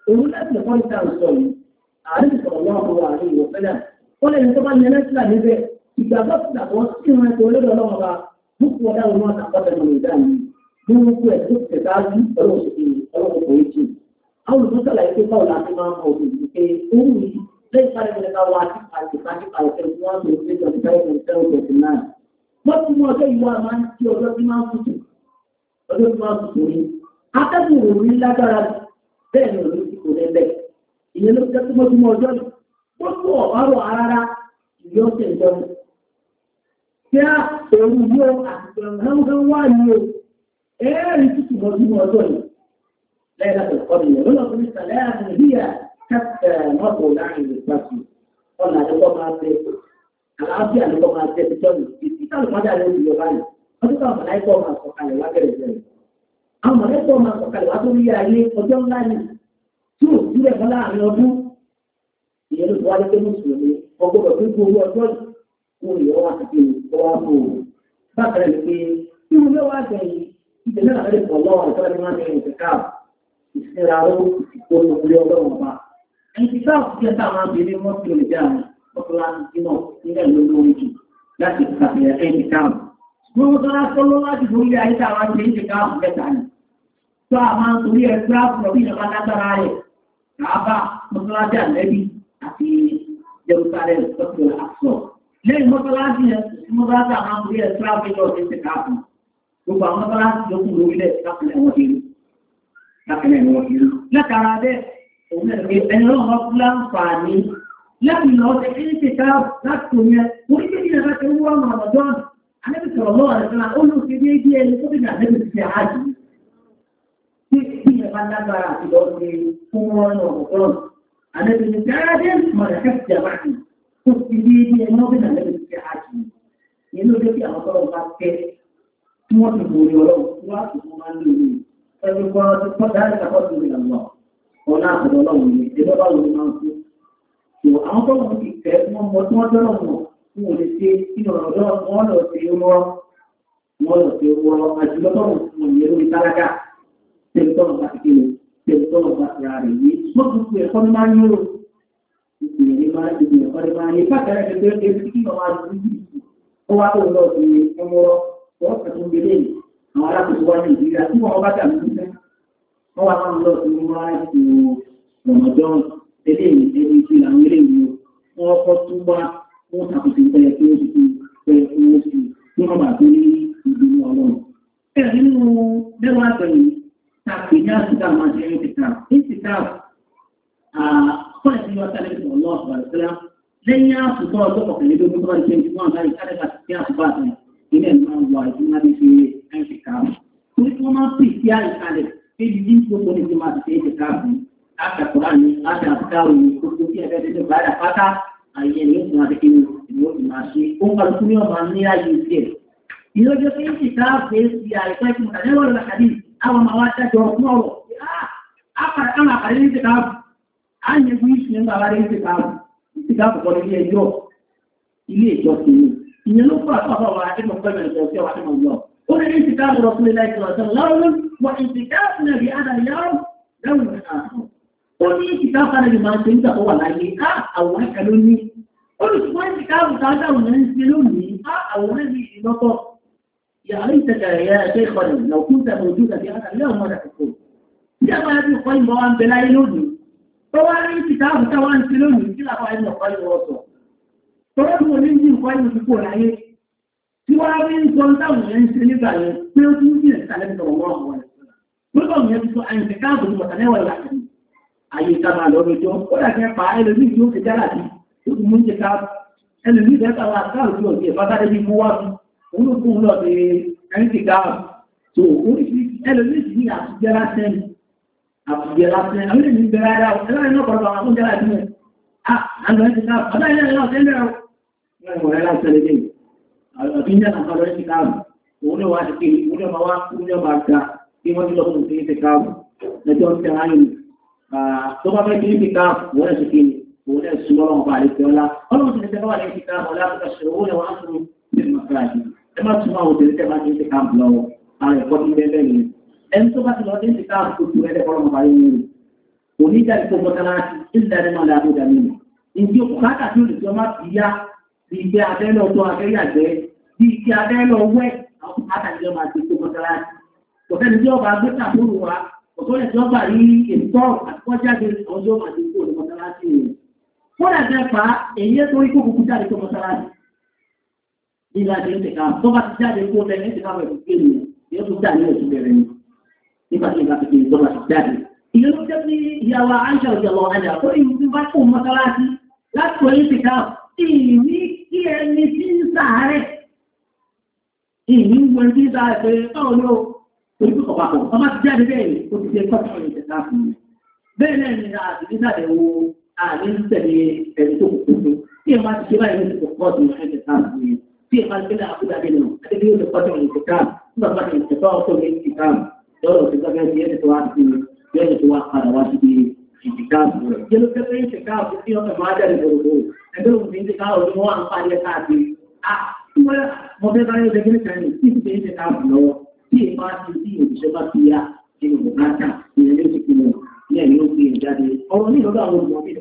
òun láti ẹ̀kọ́ ìta ń sọ yìí ààrẹ sọ̀rọ̀ wọn kó wà ní ìwọ̀fẹ́lẹ̀ wọ́n lè ní tó bá ní ẹlẹ́sìlá níbẹ̀ ìgbàgbọ́ sílà wọn sí wọn ẹ̀kọ́ olódò ọlọ́wọ́ bá búkú ọ̀dà wọn wọn àtàkọ́tẹ̀ mọ̀ ìdá mi bí wọ́n kú ẹ̀ tó tẹ̀ bá rí ọlọ́wọ́ sí ọlọ́wọ́ kò jì àwọn olùdókòlà yìí pé báwo la ti máa ń mọ òbí pé òun yìí lẹ́yìn sáré mi ká wá sí àtìpá nípa ìfẹ́ wọn lò ní twenty five and seven twenty lágbára bẹ́ẹ̀ ni òní ti kò lẹ́lẹ́ẹ̀ ìyẹn ló jẹ́ túmọ̀túmọ̀ ọjọ́ yìí wọ́n tún ọ̀bárò rárá ìyọ́ ọ̀sẹ̀ ìjọba. Tí a òru yóò àtìgbà gángán wà ní o, ẹ̀ẹ́rì tí túmọ̀túmọ̀ ọjọ́ yìí. Lẹ́yìn láti ọ̀kọ́ mi, ìyẹn ló fi sàlẹ̀ àrùn ìyá kẹ́kẹ́ mọ́tò láàrin ìgbàsù. Ọ̀nà àdúgbò máa bẹ àlàáfíà àdúgbò máa bẹ títọ́ mi. Títí táwọn ọmọdé àlẹ́ sílẹ̀ fún láàrin ọdún ìyẹn ló fi wáyé pé mùsùlùmí ọgbọ́dọ̀ tó kú owó ọjọ́ kó lè wá sí ọwọ́ mú o bákan ní pé tí wọn lé wá gbẹ̀yìn ìdílé náà lè pọ̀ lọ́wọ́ ọ̀tọ́ ni wọ́n ní ìtìká ìsinra ó ìsìnkú olórí ọlọ́run pa ìtìká òkúté táwọn abìnrin wọn ti lè dá mi ọkùnrin náà nílẹ̀ lólórí jù láti ìtàkìlẹ̀ ẹ̀ẹ́dìká wọn tó lásán ló láti borí ayé táwọn abìnrin ìtìká òkúté tà ní. tó àwọn torí ẹgbẹ́ àpò kàábà mọ́sálásí àlẹ́bí àti Jerusalem lọ́sọ̀rọ̀ àṣọ. lẹ́yìn mọ́sálásí yẹn mọ́sálásí àwọn amúlé ẹ̀ tíráfíkì ọ̀sẹ̀ ti káàbù gbogbo àwọn mọ́sálásí tó kù lórílẹ̀ lápẹ̀lẹ̀ wọn dé lápẹ̀lẹ̀ wọn dé látara bẹ́ẹ̀ òun ẹ̀ pé ẹni ọlọ́run ọkú láǹfààní láti lọ ṣe kí ní ti ká láti tó yẹn wọ́n ti ní ẹ̀ka tó ń wọ́n mọ̀ ọ̀dọ́n bá lágbára àti lọ sí fún wọn ní ọ̀pọ̀ àlejò ní jáde mọ̀lẹ́ kẹ́kẹ́ jàmbá kì tó fi bí ní ẹni wọ́n fi nà lẹ́nu ti àjù yẹn ló dé bí àwọn tọ́lọ̀ bá tẹ́ tí wọ́n ti bòrè ọ̀rọ̀ tí wọ́n á sì fún wọn lórí ẹni wọn ti pọ́ dáhùn ìsàkọ́ sí ìlànà wọn ọ̀nà àbọ̀dọ̀ ọlọ́run yẹn ẹgbẹ́ bá wọlé máa ń tẹ̀lé tọ́lọ̀ bá ti kéwò tẹ̀lé tọ́lọ̀ bá ti rárẹ̀ yìí wọ́n tún fi ẹ̀kọ́ ní máa ń yó ìgbìyànjú máa ń ti ẹ̀kọ́ ní máa ń yé káàkiri ẹ̀kọ́ tó ń ké sí kí wọ́n máa dùn yìí ó wá tó lọ sí ẹmọ wọ́n tẹ̀sán gbélé àwọn alákòóso wá ní ìdíra tí wọ́n bá tàbí sí wọ́n wá máa ń lọ sí wọ́n á ti rọ̀mọ̀dán eléyìí ẹni tí àwọn eléyìí wọ́n kọ́ tún wá wọ́n tàkùtì pẹ̀lẹ́ tí ó ti fi pẹ̀lẹ́ tí ó ti fi wọ́n bá tó ní ìdùnnú ọlọ́run. bẹ́ẹ̀ nínú mẹ́wàá àtẹ̀yìn تعقيدات كتاب ما جاء كتاب في كتاب قلت لي وسألت الله سبحانه وتعالى لن يأخذ صورة تقف اللي بيقول صورة كم تكون هاي كتابة يأخذ باطنة من المعوض من هذه في أي كتاب كل ما في سياق كتاب في جنس بقول في ما في كتاب أكثر قرآن أكثر أفكار كتب في هذا الجزء بعد فتا أيه نيوز ما تكين نيوز ما شيء كم قال كل يوم ما نيا يسير إذا جاء في كتاب في سياق كتاب متناول الحديث àwọn ọmọ wá tẹ́jọ ọ̀pọ̀ ọ̀rọ̀ ah, àwọn àkàrí ní ìtìkáàbù a ń yẹgbú ìṣù nígbà wá rí ìtìkáàbù ìtìkáàbù kọ́ ilé ẹjọ́ ilé ìjọ kìíní ìyẹn ló kọ́ àpapọ̀ wa ẹgbẹ́ ọ̀pẹ́mẹ̀ ìjọ sí ọwà nínú ọjọ́ ó ní ìtìkáàbù rọ̀ fún ilé ìtìkáàbù lọ́rùn wọ ìtìkáàbù náà bí ádà yàrá lẹ́wọ̀n ó ní ìtìkáàbù náà bí máa ń يا ليتك يا شيخنا لو كنت موجودا في هذا اليوم ولا تكون ìjọba ẹbí ọ̀pọ̀ ìmọ̀ wa ń bẹ láyé lónìí tó wá ní ìtìtàbù táwa ń ṣe lónìí kí làwọn ẹni ọ̀pọ̀ ìmọ̀ ọ̀sọ̀ tó wọ́n mú ní ní nǹkan ìmọ̀ púpọ̀ láyé tí wọ́n á rí nǹkan táwọn yẹn ń ṣe nígbà yẹn pé ó tún bí ẹ̀ka lẹ́nu ọ̀wọ́ àwọn ẹ̀ pípọ̀ yẹn ti sọ àyìnbí káàbù ní ọ̀tàlẹ́wọ̀ ìlànà àyè ìtàmà lọ́dọ̀jọ́ ó dàgbẹ́ pa ẹlòmíì tí ó ti dára sí ó ti mú ń ṣe káàbù ẹlòmíì bẹ́ẹ̀ káwọn àkáàbù tí olókun lọ́dẹ ẹ̀ńtì gáàbù tó oríṣiríṣi ẹlòmíṣi ní àtijọ́ lásán àtijọ́ lásán àwọn ènìyàn ń bẹ̀rẹ̀ ara ọ̀sẹ̀ láì náà pọ̀lọpọ̀ àwọn oúnjẹ láti mọ̀ àgbà ẹ̀ńtì gáàbù ọ̀dá ilé ẹ̀rọ ọ̀sẹ̀ lẹ́rọ ọ̀rẹ́ láìsẹ̀ lẹ́dẹ̀ àbí ní àwọn ọ̀rẹ́ ẹ̀ńtì gáàbù òun náà wá ti pé òun náà wá òun náà máa ga kí wọ́n ti lọ fún ìṣẹ́ káàbù lẹ́jọ́ ń tẹ ayé mi tó bá fẹ́ kí ní káàbù wọ́n ẹ̀sùn kí ni òun náà lọ́wọ́ ọba àlejò ọlá ọlọ́run ti tẹ́tẹ́ bá wà lẹ́yìn káàbù ọlá tó kà ṣòro òun náà wá fún ìṣẹ́ mọ̀kàrà yìí ẹ má tún àwọn obìnrin tẹ́ bá ti ń ti káàmù lọ́wọ́ àwọn ẹ̀kọ́ ní bẹ́ẹ̀ yìí ẹni tó bá ti lọ ní ti káàmù tó tu ẹ̀rẹ́ kọ́lọ́mọ bá yẹn yìí kò ní jáde tó mọ́tà láti ìlà rẹ̀ máa lè àbúdà nínú ìdí òkúta tí olùsọ má fi yá bí ike abẹ́lẹ̀ ọ̀tọ̀ abẹ́yàgbẹ́ bí ike abẹ́lẹ̀ ọwẹ́ àwọn òkúta tí ọba ti tó mọ́tà láti kọ̀tẹ́ni tí ọba gbé tàbúrò wa tí ọba ilé àti ìtẹ̀ká tó bá ti jáde kó lẹ ní ìtẹ̀ká pẹ̀lú kéèmù yóò tún dà ní oṣù bẹ̀rẹ̀ ni nígbà tí ìgbà tó kéèmù tó bá ti jáde. ìyẹn ló jẹ́ pé ìyàwó àìsàn ọ̀jọ̀ lọ ọ̀nà tó ìlú tí bá kó mọ́sálásí láti kó ìtẹ̀ká ìní kí ẹni tí ń sàárẹ̀ ìní ń wọ ẹni tí pé báwo ló orí kò papọ̀ ti jáde bẹ́ẹ̀ ó ti ṣe kọ́tọ̀ ìtẹ̀ká bẹ́ẹ̀ náà ni àtìlísàdẹ̀ wo àní tẹ̀lé ẹ̀rí tó kù tó tó tí ẹ máa ti ṣe báyìí ló ti kọ̀ في قلبنا أقول أدينه أدينه لقطع الكتاب نظر التفاوت الانتقام دورة تبقى زيادة واحد زيادة واحد واحد ìdíkàbù yẹlò pẹpẹ ìṣèkàbù tí ọkọ máa jáde gbogbo ẹgbẹ́ òun ti ń díkà òun wọn ń parí ẹ̀ka àti à wọn mo fẹ́ báyọ ọjọ́ kíní kan tí ìṣèkà ìṣèkàbù lọ́wọ́ tí èèmọ àti tí òṣìṣẹ́ bá ti yá nínú bùkátà ìyẹn ló ti pinnu ní ẹ̀yìn ó fi ẹ̀ jáde ọ̀rọ̀ ní ìlọ́dọ̀ àwọn olùmọ̀ mi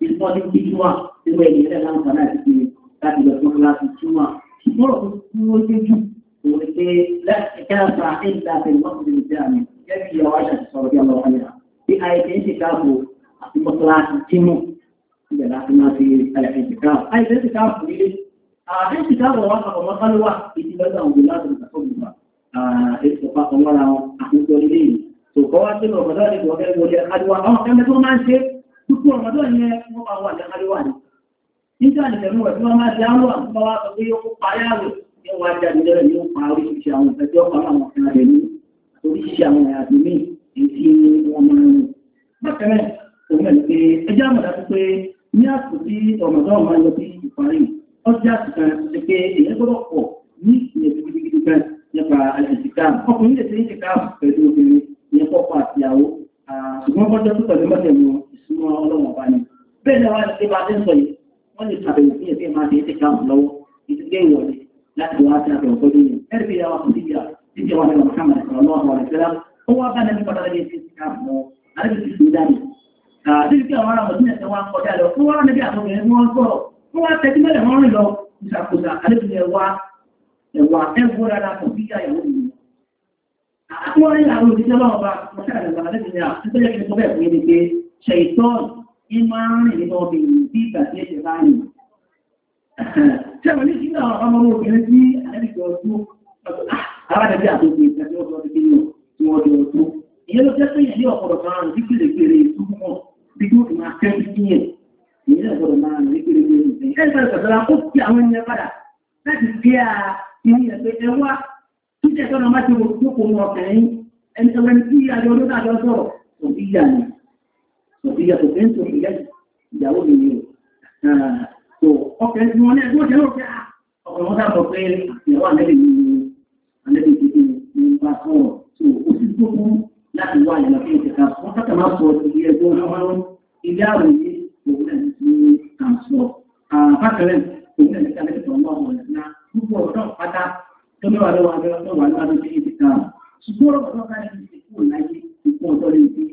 ni pé ẹ irú ẹ̀yìn tẹ́lá ń padà sí láti lọ fún láti túmọ̀ ṣùgbọ́n òkú tí ó ṣe jù òun ni pé láti káàbà ẹ̀dá pẹ̀lú mọ́tòdì ìdí àmì gẹ́gẹ́ bí ìyàwó àṣà ti sọ̀rọ̀ bí ọlọ́wọ́ ayé bí àìsí ń ṣe káàbò àti mọ́tòláṣí tínú ibẹ̀ láti máa fi àìsí ń ṣe káàbò àìsí ń ṣe káàbò nílé àìsí ń ṣe káàbò wọn àpapọ̀ mọ́tòlúwà ìdílọ́dọ̀ àwọn òbí láti ìtàkùn ètò papọ̀ mọ́ra wọn nígbà nìkẹ̀mú ẹ̀ tí wọ́n máa ṣe àwọn àmúbá wa sọ pé yóò parí àwẹ̀ yóò wá jáde lẹ́rẹ̀ yóò pa oríṣiríṣi àwọn ìfẹ́jọ́ pa àwọn ọ̀kan rẹ̀ ní oríṣiríṣi àwọn ìyàtọ̀ míì èyí tí wọ́n máa ń bákan náà òun ẹ̀ pé ẹjẹ́ àmọ̀dá tó pé ní àsìkò tí ọ̀mọ̀dọ́ máa lọ sí ìparí ọjọ́ àsìkò ṣe pé èyí gbọ́dọ̀ pọ̀ ní ìyẹ̀dù gidigidi kan nípa àìsíkà ọkùnrin lè ṣe ìṣẹ̀ká pẹ̀lú obìnrin ni wọ́n wọ́n lè ṣàbẹ̀wò sí ẹ̀fẹ́ máa ṣe é tẹ̀ka lọ́wọ́ ìdílé ìwọ̀lẹ̀ láti wá sí àbẹ̀wò pẹ̀lú yẹn ẹ̀rí bí yàrá òbí yà títí wà ní Muhammad sallallahu alaihi wasallam ó wá bá nẹ́bí padà lẹ́yìn sí ìka mọ́ àrẹ́bí ti sùn dání. àti ìdílé àwọn ará mọ̀tún ẹ̀sẹ̀ wá kọjá lọ fún wá nẹ́bí àtọkùnrin wọn sọ̀rọ̀ fún wá tẹ́tí mẹ́lẹ̀ wọn rìn lọ ìṣàkóso àrẹ́bí ẹ̀wà ẹ̀wà ẹ̀wọ́ rárá kò bí yà ìwọ̀n mi ìmọ̀ rìn lọ bèèrè bí ìgbà tí ẹ̀ṣẹ̀ bá rìn. Ṣẹ́wọ̀n ní ṣílá ọmọ obìnrin tí àrẹ́bìkì ọdún alájẹ́bí àtòkù ìtẹ́bí ọdún ọdún kílò ah, tí wọ́n jẹ ọdún. Ìyẹ́ ló jẹ́ pé ìlú ọ̀pọ̀lọ̀ kan rìn dípìlẹ̀ pèrè ìtúmọ̀ bí tó ti máa kẹ́ sí yẹn. Ìyẹ́ ọ̀pọ̀lọ̀ máa rìn dípìlẹ̀ pèrè ìtẹ́yìn. Ẹ̀ṣẹ̀ ìṣẹ̀dọ̀lá ó fi àwọn ènìyàn padà Sofía tó fẹ́ ń sọ̀rọ̀ ìyá ìyàwó mi ni. So ni tí wọ́n ní ẹgbẹ́ òṣèlú ọ̀kẹ́ ọkùnrin wọn sábọ̀ pé ìyàwó àlẹ́lẹ̀ ni àlẹ́lẹ̀ ìdíje ni ń bá sọ̀rọ̀. So ó sì tó kú láti wá ìyàwó fún ìkẹta. Wọ́n ni, máa ni, ìdí ni. ọlọ́run ilé ni, yìí ni náà ti kà ń ni. Bákẹ́rẹ́ òun náà ti kà lẹ́yìn tó ń bá ọ̀rọ̀ ìlànà gbogbo ọ̀dọ́ pátá tó mẹ́wàá lọ́wọ́ abẹ́rẹ́ tó wà lọ́wọ́ abẹ́rẹ́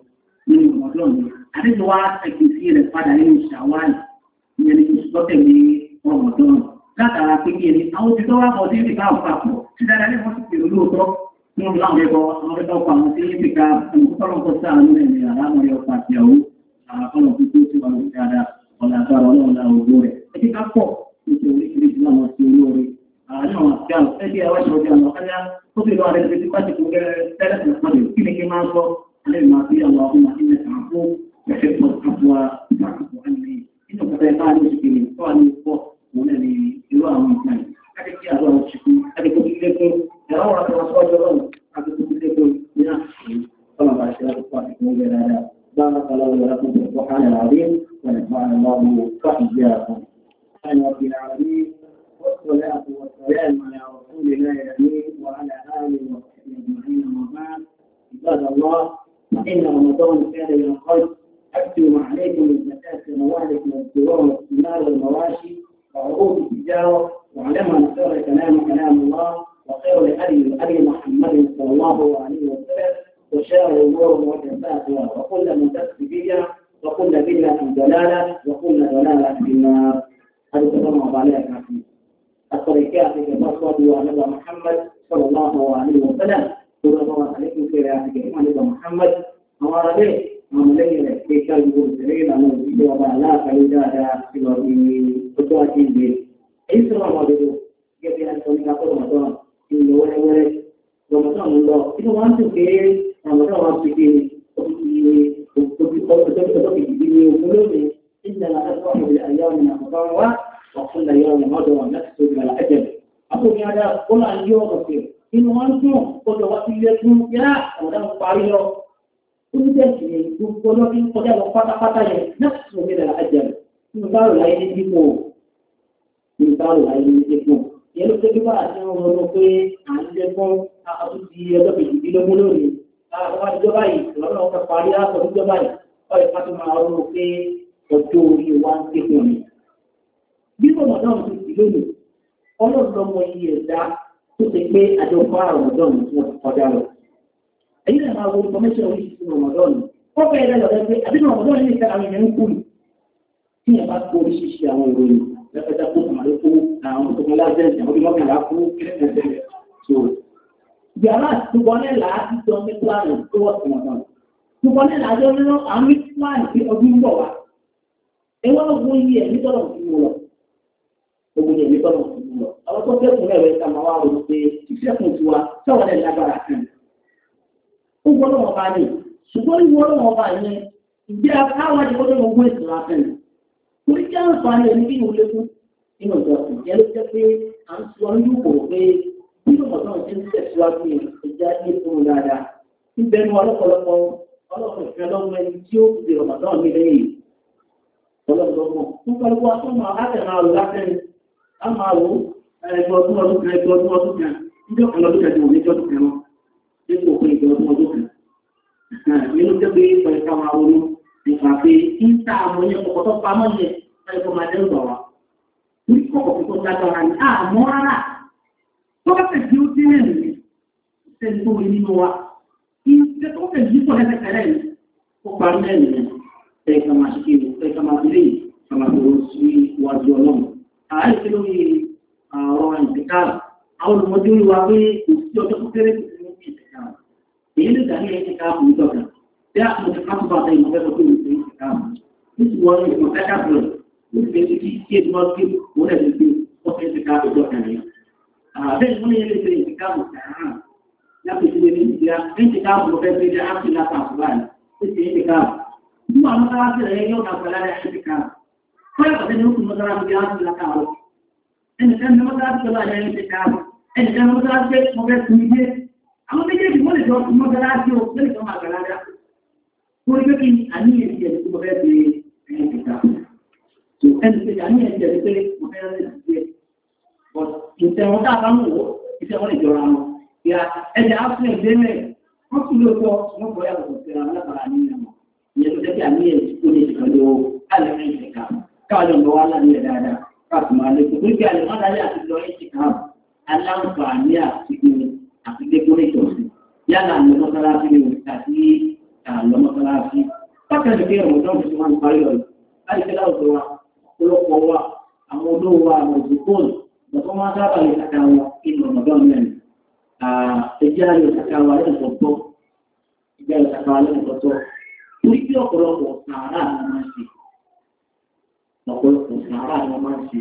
nínú ọ̀dọ́ mi àdéhùn wa ṣèkìsí rẹ̀ padà nínú ṣàwárì ìyẹn ní oṣù tọ́tẹ̀ ní ọ̀dọ́ mi látara pé kí ẹni àwọn ti tọ́wọ́ àpọ̀ sí ibi ká òpapọ̀ tí dáadáa ní wọ́n ti pè olóòótọ́ ní ọ̀dọ́ àwọn ẹ̀kọ́ àwọn ẹ̀kọ́ ọ̀pọ̀ àwọn sí ibi ká ọ̀pọ̀lọpọ̀ sáà ní ẹ̀rẹ̀ àlámọ̀rẹ́ ọ̀pọ̀ àti àwọn àkọlọ̀kú tó ti wà lórí dáadáa ọ̀nà àgbára ọlọ́run náà ògbó rẹ̀ ẹ̀kí ká pọ̀ nítorí oríṣiríṣi كما في اللهم انك عفو تحب العفو فاعف عني انك سيقال مشكلي قالوا فوق ولدي سواه من كان هذا كي الله الشكل هذا كي لكم يرون الرسول يرون هذا كي لكم من احسن فما باشر الصالح من غير بارك الله ولكم في العظيم ونفعنا الله واياكم سبحان رب العالمين والصلاة والسلام على رسول الله الأمين وعلى آله وصحبه أجمعين وبعد عباد الله وإن رمضان كان يقول أكتم عليكم المساكن وأهلكم والزوار والثمار والمواشي وعروض التجارة واعلموا أن خير الكلام كلام الله وخير الهدي هدي محمد صلى الله عليه وسلم وشار الأمور محدثاتها من منتسب بها وكل بها ضلالة وكل ضلالة في النار هذا تمام عليها الطريقات التي تصعد على محمد صلى الله عليه وسلم sallallahu alaihi wa sallam àti àlejò Muhammad àwọn ará bẹ́ẹ̀ àwọn lẹ́yìn rẹ̀ pé ká gbogbo ìṣẹ̀lẹ̀ ìlànà òbí ọba aláàkárí dáadáa ti lọ bí ọjọ́ àti ìgbé èyí sọ̀rọ̀ àwọn àdúgbò gẹ́gẹ́ bí aṣọ nípa tó rọ̀mọ́tọ́ ìlú wẹ́rẹ́wẹ́rẹ́ rọ̀mọ́tọ́ ń lọ inú wa ń tún pé rọ̀mọ́tọ́ wa ti di ọjọ́ ìdí ní ogun lónìí إلا أكبر بالأيام من أمضاء وكل يوم غدوة نفسه من العجل أقول هذا قل أن يغفر inú wọn dùn kọjọ wá sí ilé tún yá ọ̀dà ń parí lọ ó ní bẹ́ẹ̀ sì yẹn gbogbo lọ́bí ń kọjá lọ pátápátá yẹn náà sì omi rẹ̀ àjẹ́ nínú báàrò láyé ní dípò nínú báàrò láyé ní dípò yẹn ló tẹ́jú bá àti ọmọ ọmọ pé à ń dẹ́gbọ́n àtúntì ọjọ́ kejìdínlógún lónìí àwọn ìjọba yìí lọ́nà ọ̀pẹ parí láti ọdún ìjọba yìí ọ̀rẹ́ pátó máa rọ pé ọjọ́ orí wa ń dípò ọmọ náà ti sì lónìí ọlọ́run lọ́mọ iye ẹ̀dá tó ti pé àjọpọ̀ àrùn ọ̀dọ́nù tí wọ́n ti kọjá lọ. Èyí lè máa wo kọmẹ́ṣẹ́ orí ti sínú ọ̀dọ́nù. Wọ́n fẹ́ ẹ̀dá lọ́dẹ́ pé àbínú ọ̀dọ́nù ní ìkàrà àwọn ènìyàn ń kú ni. Tí ẹ̀ bá kó oríṣiríṣi àwọn ìròyìn lẹ́fẹ̀ẹ́ta kó àmàlẹ́ kó àwọn tó kọ́ lábẹ́ẹ̀sì àwọn bí mọ́kànlá kú kẹ́lẹ́kẹ́lẹ́. Yàrá àtúbọ̀lẹ́ là á ti jọ ní pílánì tó wọ̀ sí ọ̀dọ́n. Túbọ̀lẹ́ là á jọ nínú àwọn ní pílánì tí ọdún ń bọ̀ wá. Ẹ wá wo iye ẹ̀mí tọ́lọ̀ fún wọn Ogun ẹ̀mí tọ́lọ̀ àwọn tó fẹ́kùn rẹ̀ wẹ̀ sàmà wà wọ́n pé fífẹ́kùn tiwa sọ̀rọ̀ lágbára kan. ó gbọ́dọ̀ wọn ní ṣùgbọ́n ìwọ lọ́wọ́ bá yẹn ìgbé àwọn àdìgbò tó ń gbé ìtura kan. torí kí àǹfààní ẹni kí ìwọlé inú ìjọsìn jẹ́ ló jẹ́ pé à ń sọ ní òkò pé bí ọ̀dọ́ ti ń tẹ̀síwájú ìjà ní fún un dáadáa. ìbẹnu ọlọ́pọ̀lọpọ̀ ọlọ́pọ̀ ìfẹ́ lọ́wọ́ ẹni tí ó ti rọ̀mọ̀dọ́ mi lẹ́yìn ọlọ́pọ̀lọpọ̀ nípa ìwọ atọ́mọ alátẹ̀ràn àlọ́ látẹ̀rìn á máa wò ó ẹgbẹ́ ọdún ọdún kan ẹgbẹ́ ọdún ọdún kan níjọ́ kan lọ́dún kẹjọ òní jọ́dún kan wọn dípò pé ẹgbẹ́ ọdún ọdún kan nínú jẹ́ pé ìfọ̀ ìka wa ronú nípa pé ń ta àwọn yẹn kọ̀kọ́ tó pamọ́ yẹn ẹ̀kọ́ máa dẹ́rù bà wá ní kọ̀kọ́ tó lágbára ní àmọ́ rárá tó bá tẹ̀sí ó ọ̀rọ̀ ìdíkàlù. Àwọn olùmọ́jú wa pé kò sí ọjọ́ tó kéré kò sí ní ìdíkàlù. Èyí lè dàní ẹni ká kò ní dọ̀gà. Bí a kò ní ká tó bá ta ìmọ̀ fẹ́ sọ pé òṣèré ìdíkàlù. Nítorí wọn ní ìmọ̀ káká bẹ̀rẹ̀ lóṣù tó ti kí èdè wọn kí òun ẹ̀ ti wọ́n fẹ́ ìdíkà tó dọ̀gà rẹ̀. Bẹ́ẹ̀ ni wọ́n yẹ lè ṣe ìdíkàlù kàrán. Láti fẹ́ fi jẹ́ áṣì láta rẹ̀. Ó ṣe ìdíkàlù. Bí wọn mọ́tàlá sí rẹ̀ yóò dàgbà lára ìdíkàlù. Fọ́lá ẹnìkan ni wọ́n dá sí ọlá ẹ̀yìn ìṣẹ̀dá ẹnìkan ni wọ́n dá sí ọmọ bẹ́ẹ̀ fún ilé àwọn méjèèjì wọ́n lè jọ fún mọ́ dára sí o lè jọ máa gbà lára kó ní pé kí àní èsì ẹ̀sì mọ́ bẹ́ẹ̀ fi ẹ̀yìn ìṣẹ̀dá tó ẹnì pé àní èsì ẹ̀sì pé mọ́ bẹ́ẹ̀ rẹ̀ sí ẹ̀ bọ̀ ìṣẹ̀ wọn tá a bá ń wò ìṣẹ̀ wọn lè jọra wọn ìyá ẹ̀jẹ̀ á fún ẹ̀gbẹ́ rẹ̀ wọ́n sì lóòótọ́ wọ́n bọ̀ yà wọ̀ sí ara lábàrá ní ìyẹn tó jẹ́ kí àní èsì kàtùmọ̀lẹ́ kò gbégbé àlùmọ́dálẹ́ àti lọ́yìn ti kàn aláǹfààní àti gbégbóni ìtọ̀sí yálà àlùmọ́sálásí ni òun àti àlùmọ́sálásí. Bákan ní pé ọ̀dọ́ mi ti wá ń parí ọ̀rọ̀ láti fẹ́ láwùjọ wa ọ̀pọ̀lọpọ̀ wa àwọn olówó wa àwọn òṣùpọ̀n lọ́kọ́ máa sábà lè kàkà wa inú ọ̀dọ́ mẹ́rin. Ẹjẹ́ àlè kàkà wa lẹ́nu tọ̀tọ̀. Ẹjẹ́ àlè kàkà wa lẹ́nu tọ̀tọ̀. Torí bí ọ̀pọ̀lọpọ̀ sàárà ni wọ́n ṣe ọ̀pọ̀lọpọ̀ sàárà àwọn máa ń ṣe.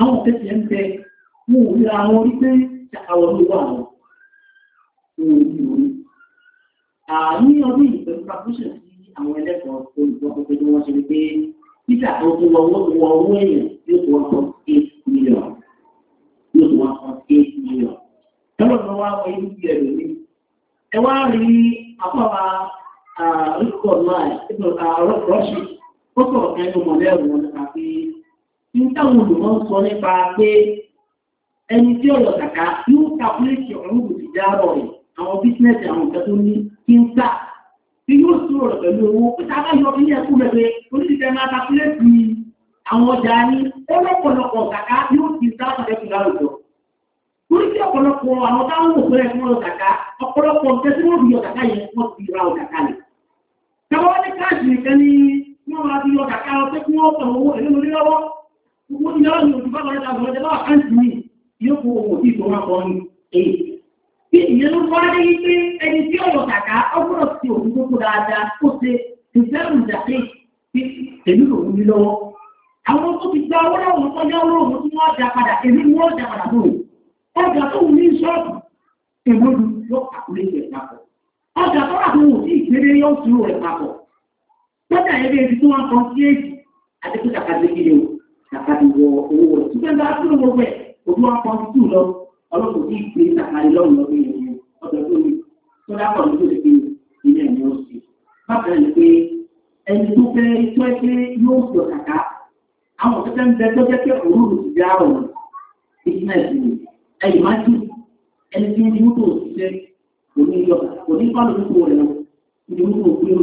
Àwọn tẹ́sí ẹ̀ ń bẹ wọ́n ò rí àwọn orí pé àwọn ló wà wọn. Wọ́n ò rí orí. Àní ọdún ìpẹ̀lú Pàkúṣẹ̀ sí àwọn ẹlẹ́kọ̀ọ́ olùkọ́ pé kí wọ́n ṣe ni pé títà tó tún wọ ni wọ́n á wọ inú bí ẹ̀rọ mi. Ẹ ó sọ̀rọ̀ ẹnu mọ̀lẹ́rù wọn nípa pé ní táwọn olùmọ̀ ń sọ nípa pé ẹni tí ọ̀yọ̀ kàkà yóò kàkúlẹ̀tì ọ̀run kò sì dárọ̀ rẹ̀ àwọn bísínẹ́sì àwọn nǹkan tó ní kí ń tà tí yóò sọ̀rọ̀ pẹ̀lú owó pé tá a bá yọ ilé ẹ̀kú rẹ̀ pé oníṣẹ́ máa kàkúlẹ̀tì àwọn ọjà ní ọlọ́pọ̀lọpọ̀ kàkà yóò ti sáà torí tí ọ̀pọ̀lọpọ̀ àwọn táwọn òpin ẹ̀fún ọ̀rọ̀ kàkà ọ̀pọ̀lọpọ̀ nǹkan tí wọ́n fi ọ̀kàkà yẹn wọ́n ti ra ọ̀kàkà lẹ̀. Tàbá wọ́n ní káàsì nìkan ní wọ́n máa fi ọjà kára pé kí wọ́n tàn owó ẹ̀lẹ́nu lé lọ́wọ́ gbogbo ní ọ̀rọ̀ ìlú bá lọ́jà lọ́jà lọ́wọ́ àkáǹtì mi yóò kó owó tí ìtò wọn kan èyí bí ìyẹn ló wá dé wípé ẹni tí ọ̀rọ̀ kàkà ọgbọ́dọ̀ ti òun tó kó dáadáa kó ṣe ìfẹ́rù ìdàpé tí èmi kò ní lọ́wọ́ àwọn tó ti gba owó lọ́wọ́ tó yá owó òun tí wọ́n já padà èmi ni wọ́n já padà bò ọjà tó wù ní ṣọ́ọ̀bù èmi ló yọ àkúlé ìgbẹ̀ papọ̀ ọjà tó rà tó wù sí ìpínlẹ̀ yóò tún rẹ̀ papọ̀ kódà ẹgbẹ́ ibi tí wọ́n kàn sí èjì àti tó ṣàkàdé kílẹ̀ o ṣàkàdé wọ owó rẹ̀ tó fẹ́ bá kúrò gbogbo ẹ̀ òbí wọn kàn sí lọ ọlọ́pàá bí ìpè ṣàkàdé lọ́rùn lọ́dún yẹn ọ̀dọ̀ tó ní tó dápọ̀ lójú ìpè ilé ẹ̀mí ọ̀sẹ̀ bákan ní pé ẹni tó fẹ́ tó ẹ pé yóò sọ kàkà àwọn tó fẹ́ ń bẹ tó jẹ́ pé òórùn ti dá ọ̀rọ̀ ẹ̀yìn má jù ẹni tí ń mú tó òṣìṣẹ́ kò ní yọ kò ní kọ́ lóko rẹ̀ lọ ìdí mú tó òkú yóò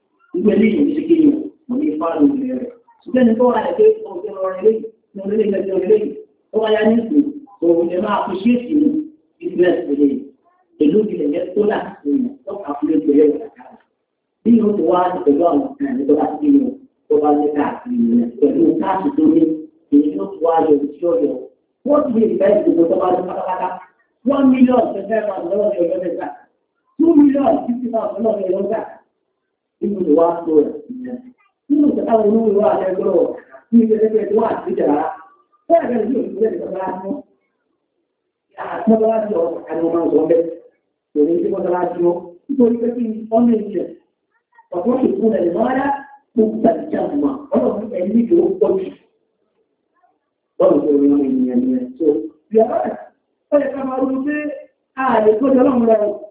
Ìgbẹ́ ní ìlú ṣe kéyìn kò ní fáàlù ilẹ̀ rẹ̀. Ṣùgbẹ́ ni tọ́wọ́ rẹ̀ pé ọ̀gbẹ́ lọ rẹ̀ lẹ́yìn, mo lè lè lọ rẹ̀ lẹ́yìn. Ó wáyá ní ìsìn, òun lè máa fi ṣé ìsìn business rẹ̀. Èlú ìlẹ̀ yẹn tó láti ṣe ìmọ̀ tó kàkúlé pẹ̀lẹ́ ìgbàkà. Bí yóò ti wá pẹ̀lú àwọn ìkànnì tó bá ti yọ, tó bá ti káàkiri rẹ̀ pẹ̀lú káàkiri tó ní, èyí yóò ti wá yọ sí ọ̀yọ́. Wọ́n ti lè fẹ́ ìdìbò tó bá ní pátápátá. One million ṣẹ̀fẹ́ máa lọ́wọ́ ní ọjọ́ mẹ́ta. Two million fifty thousand lọ́wọ́ ní ọjọ́ mẹ́ta. nínú ìwà tó rẹ̀ nínú ìtàkàwọ̀ inú ìwà àjẹgbọ́rọ̀ ní ìgbẹ́gbẹ́ tó wà sí ìjà fẹ́ẹ̀ bẹ́ẹ̀ ní òṣìṣẹ́ ìjọba mú mọ́tàláṣí ọ̀rọ̀ àti ọmọ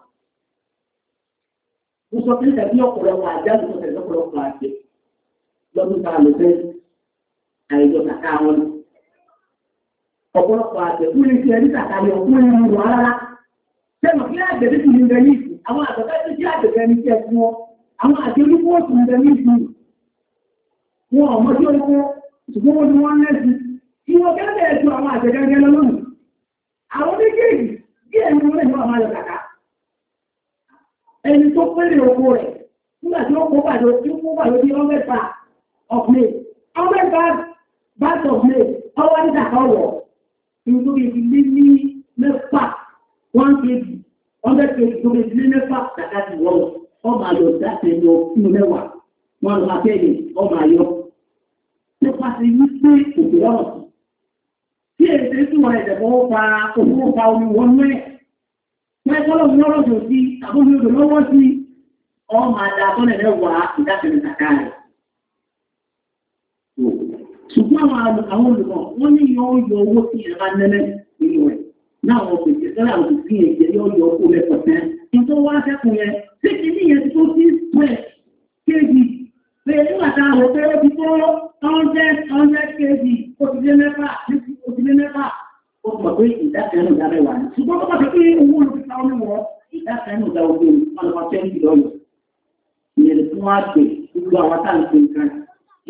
mo sọ pé tàbí ọ̀pọ̀lọpọ̀ àjá ló tẹ̀lé ọ̀pọ̀lọpọ̀ àjẹ́ lọ́dún tá a lè fẹ́ àìjọ kàkà wọn. ọ̀pọ̀lọpọ̀ àjẹ́ kú lè fi ẹni kàkà yọ kú lè mú wọn rárá. sẹ́nu kí àgbẹ̀ tó ti ń bẹ ní ìsìn àwọn àgbẹ̀ tó ti àgbẹ̀ fẹ́ ní kí ẹ fún wọn àwọn àjẹ́ olúkọ́ tó ń bẹ ní ìsìn wọn ọmọ tí ó kọ́ ṣùgbọ́n wọn ni wọ́n lẹ́sìn ìwọ̀n kẹ́lẹ́ ẹni tó péré owó rẹ̀ nígbà tí ó kó bàjọ tí ó kó bàjọ bí ọmẹ́ta of may ọmẹ́ta bat of may ọwọ́ nígbà kan wọ̀ nítorí ilé ní mẹ́fà one kg ọmọ ẹgbẹ́ ìjọba ìdílé mẹ́fà kàkà ti wọ́n lọ ọmọ ayọ̀ dáṣẹ lọ fún mẹ́wàá wọn lọ abẹ́yẹ ọmọ ayọ̀ nípa ti ní pé òkè ọ̀rọ̀ sí èdè tí wọn ẹ̀dẹ̀ fọwọ́ pa òkú pa omi wọn mẹ́rin. Mẹ́tọ́lọ́ ní ọ̀rọ̀ jò sí, àbúrú odò lọ́wọ́ sí, ọmọ àdá tọ́lẹ̀ mẹ́wàá ìdáṣẹ̀lẹ̀ kàkà rẹ̀. Ṣùgbọ́n àwọn olùmọ̀ wọ́n ní yọ yọ owó sí ẹ̀ka nẹ́lẹ́ nínú rẹ̀. Náà wọ́n pèsè sọ́lá òkú sí ẹ̀jẹ̀ yọ yọ owó rẹ̀ pọ̀tẹ́. Nǹkan wá sẹ́kùn yẹn, ṣé kí ní yẹn tó sí pẹ̀ kéjì? Bẹ́ẹ̀ nígbà tá a rò pé ó ti ó mọ̀ pé ìdákanú ìdá mẹ́wàá ni ṣùgbọ́n tó bá ti pé owó olùkọ́ ní wọn ìdákanú ìdá ogún ní ọlọ́pàá twenty dollars ìyẹn lè fún wa pè gbogbo àwọn táwọn pè nǹkan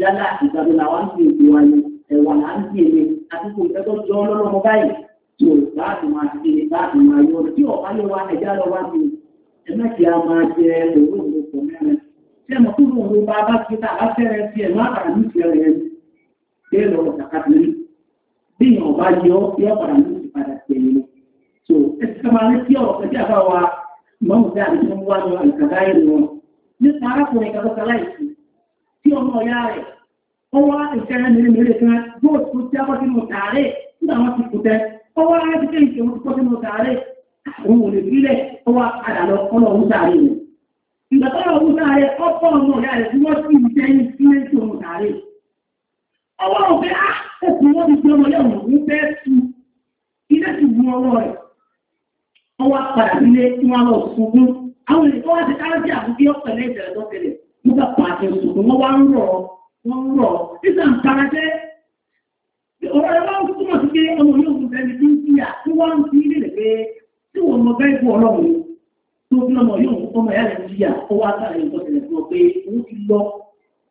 yálà ìgbàdo làwọn ń pè èdè wa ni ẹ̀wà là ń pè ní àtúkò ìfẹ́tọ́ jọ lọ́lọ́mọ báyìí tí o bá ti máa ti ṣe bá ti máa yọ tí ọ̀pá yóò wá ẹ̀já lọ wá sí i ẹ̀mẹ́ kí a máa jẹ òwú òwúkọ mẹ́rin tí ẹ̀mọ́ kúrò òwú bá bá ti ta bá fẹ́rẹ̀ sí ẹ̀ má bàa ní ìfẹ́ rẹ̀ bẹ́ẹ̀ bá yọ bí ọ̀pàdà ní ìpadà tẹ̀lé lọ. so ẹsẹ̀ ká máa ní kí ọ̀rọ̀ pẹ̀lú àbá wa mọ́mù sí àti tó ń wá lọ ìkàdá ìlú wọn. nípa arákùnrin kan tó kalá ìsìn tí ọmọ ọ̀yá rẹ̀ ó wá ìṣẹ́rẹ́ mèremère kan yóò tó tí a bọ́ sínú tààrẹ́ nígbà wọn ti kùtẹ́ ó wá láti pé ìṣẹ́ wọn ti bọ́ sínú tààrẹ́ òun ò lè bílẹ̀ ó wá padà lọ ọlọ́run ọwọ́rùn pé á ah, ẹkùn wọ́n ti gbé ọmọ yẹ̀wò ń bẹ́ tu ilé ti bu ọwọ́ rẹ̀ ọwọ́ padà nílé tí wọ́n lọ sunkún àwọn èèyàn tó wá ti káyọ̀ sí àbúkí ọ̀pẹ̀lẹ̀ ìbẹ̀rẹ̀ tó tẹ̀lẹ̀ nígbà pàṣẹ sunkún wọ́n wá ń rọ̀ wọ́n ń rọ̀ nígbà ń tara jẹ́ ọ̀rọ̀ ẹ̀ wá ń túmọ̀ sí pé ọmọ yóò fún bẹ́ẹ̀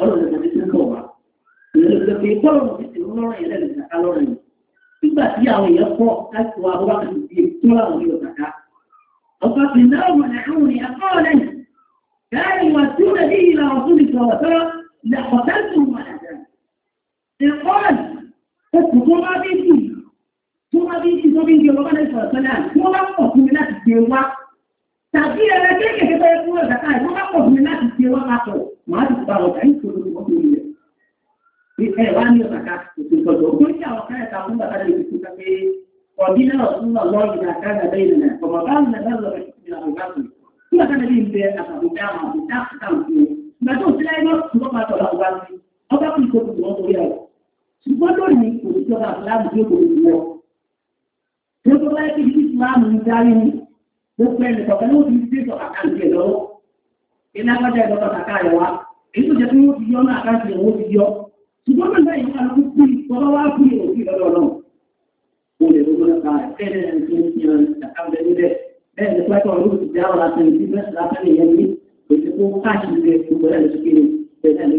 ọlọ́run ló ti tún kọ̀ wá lọ́sọ̀kì ìkọlù ti ti rún lọ́rùn ilẹ̀ ìgbà ká lọ́rùn yìí nígbà tí àwọn èèyàn pọ̀ láti wọ abọ́ bákan ti tó láwọn yóò kàkà ọ̀pọ̀ ti náà mọ̀ lẹ́kùn ní akọ́ọ̀lẹ́ káàrin wà tí ó lè ní ìlà ọ̀tún ní sọ̀rọ̀ lẹ́kọ̀tẹ́ tó wà dáadáa ìkọlù okùn tó bá bí jù tó bá bí jù tó bí jù ọlọ́pàá lè sọ̀rọ̀ sọ́lá wọ́n bá pọ̀ fún mi láti gbé wá tàbí ẹ̀rẹ́ kéèkéé tó yẹ kúrò kàkà ìwọ́n bá pọ̀ fún mi láti gbé wá papọ̀ máa ti pa ọ̀dà ìṣòro ní ọdún ilẹ̀. Ìfẹ́ wá ní ọ̀sàká ètò ìtọ́jú. Ó gbé àwọn káyọ̀tà fún bàbá rẹ̀ ti sọ pé ọ̀dí náà ń lọ lọ́ọ̀yì náà káyọ̀tà bẹ́ẹ̀ nìyà. Ọmọ bá ń lọ lọ rẹ̀ ti àwọn ìgbà kan. Bí bàbá rẹ̀ ń bẹ àtàwọn ìdá àwọn ìdá àkàkàn fún un. Ìgbà tó ti láyé náà ṣùgbọ́n máa tọ̀lá wá sí. Ọba kì í kó kù wọ́n torí àwọ̀. Ṣùgbọ́n lónìí kò ní jọba àfúláàmù tí ó kò ní wọ. Gbogbo láyé kí ní ìsìláàmù ń darí ni. Gbogbo ẹnì kọ̀ọ̀kan ló ti ń gbé sọ̀kà káàkiri lọ́wọ́ iná kọjá ìjọba kàkà àyẹ̀wá èyí tó jẹ́ pé wọ́n ti yọ náà káàkiri ìyẹ̀wò ti yọ ṣùgbọ́n náà náà ìyẹn alùpùpù kú ìfọwọ́ wá kú ìyẹ̀wò sí ìlọ́dọ̀ náà ó lè lọ́gbọ́n nípa ẹ̀ẹ́dẹ̀ ẹni tó ń fi hàn àkàbẹ̀ níbẹ̀ bẹ́ẹ̀ ni pẹ́ẹ́kọ̀ ló ti já ọ̀la tẹ̀lé sí bẹ́ẹ̀ látẹ̀lé yẹn ní òṣì kó káàkiri rẹ̀ gbogbo ẹ̀ lóṣù kéré bẹ́ẹ̀ ló ní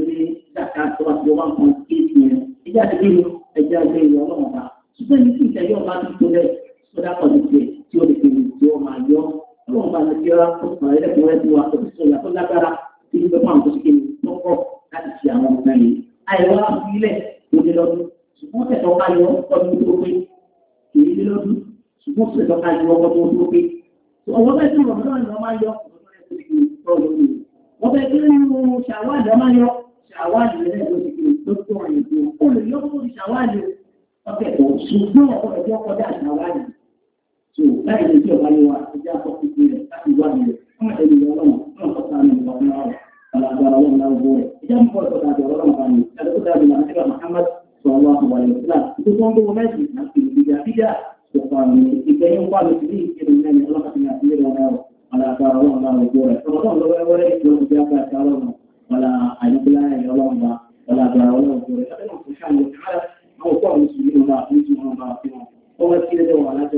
kan kéèkì yẹn ìjà ti kéèkì ẹja ẹgbẹ́ ìyọ̀ ọlọ́mọba ṣùgbọ́n ní kí ìtẹ̀yọ́ bá ti tó bẹ́ẹ̀ Ọlọ́run bá lè jọra tó kàn ẹ́ lẹ́kùn rẹ̀ tiwa tó fi sọ ìyàtọ̀ lágbára tí ń bẹ fún àwọn tó ṣe kéde tó kọ̀ láti ṣe àwọn ọmọ náà yìí. Àìwá ilẹ̀ òde lọ́dún ṣùgbọ́n tẹ̀tọ́ ká yọ ọdún tó pé èyí lé lọ́dún ṣùgbọ́n tẹ̀tọ́ ká yọ ọdún tó pé. Ọwọ́ bẹ́ẹ̀ tí wọ́n náà yọ máa yọ wọ́n bẹ́ẹ̀ tí nínú ṣàwádìí ọmọ yọ ṣàwádìí rẹ̀ ló ti kiri so láì lè tí ọ̀gá yẹn wá ẹjẹ́ àkọ́kọ́ sí rẹ̀ láti wá mi rẹ̀ fún ẹ̀yìn ọlọ́run náà sọ́kà kita wà fún ọ̀rọ̀ àlàgbà ọlọ́run náà wọ rẹ̀ Muhammad sọ̀rọ̀ àwọn àyè sílá tó tó ń bọ̀ mẹ́sì láti ìgbìyà bíjà sọ̀kà mi ìgbẹ́yìn wà lóṣù ní ìkéde mẹ́rin ọlọ́kàtúnyà sílẹ̀ mau àlàgbà ọlọ́run náà wọ rẹ̀ ọlọ́run lọ́wọ́rẹ́ ìjọba ìjọba àti ọlọ́run wàlà àyíkúlá ẹ̀yìn ọlọ́run bá wàlàgbà ọlọ́run wọ rẹ̀ ẹgbẹ́ mau kò ṣàlùkárà àwọn pọ̀ mùsùlùmí ọba mùsùlùmí ọba àfihàn ọwọ́ sílẹ̀ wà láti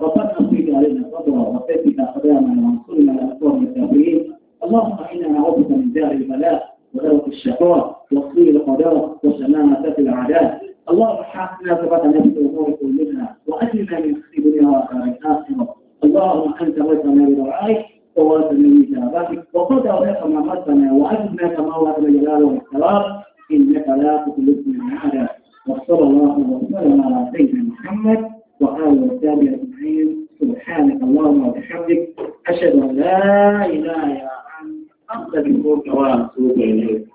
ربنا اصيب علينا صبرا وثبت اقدامنا وانصرنا على اقوام الكافرين اللهم انا نعوذك من دار البلاء ودرك الشقاء وسوء القضاء وشمامة الاعداء اللهم حاسنا ثبتنا في الامور كلها واجلنا من خيرنا واخرنا اللهم انت وجهنا برعايك وواسنا بكتاباتك وقد اولئك ما مسنا واجلنا كما وعدنا الجلال والاحترام انك لا تخلف من عاده وصلى الله وسلم على سيدنا محمد وآل وسلم أجمعين سبحانك اللهم وبحمدك أشهد أن لا إله إلا أنت أستغفرك وأتوب إليك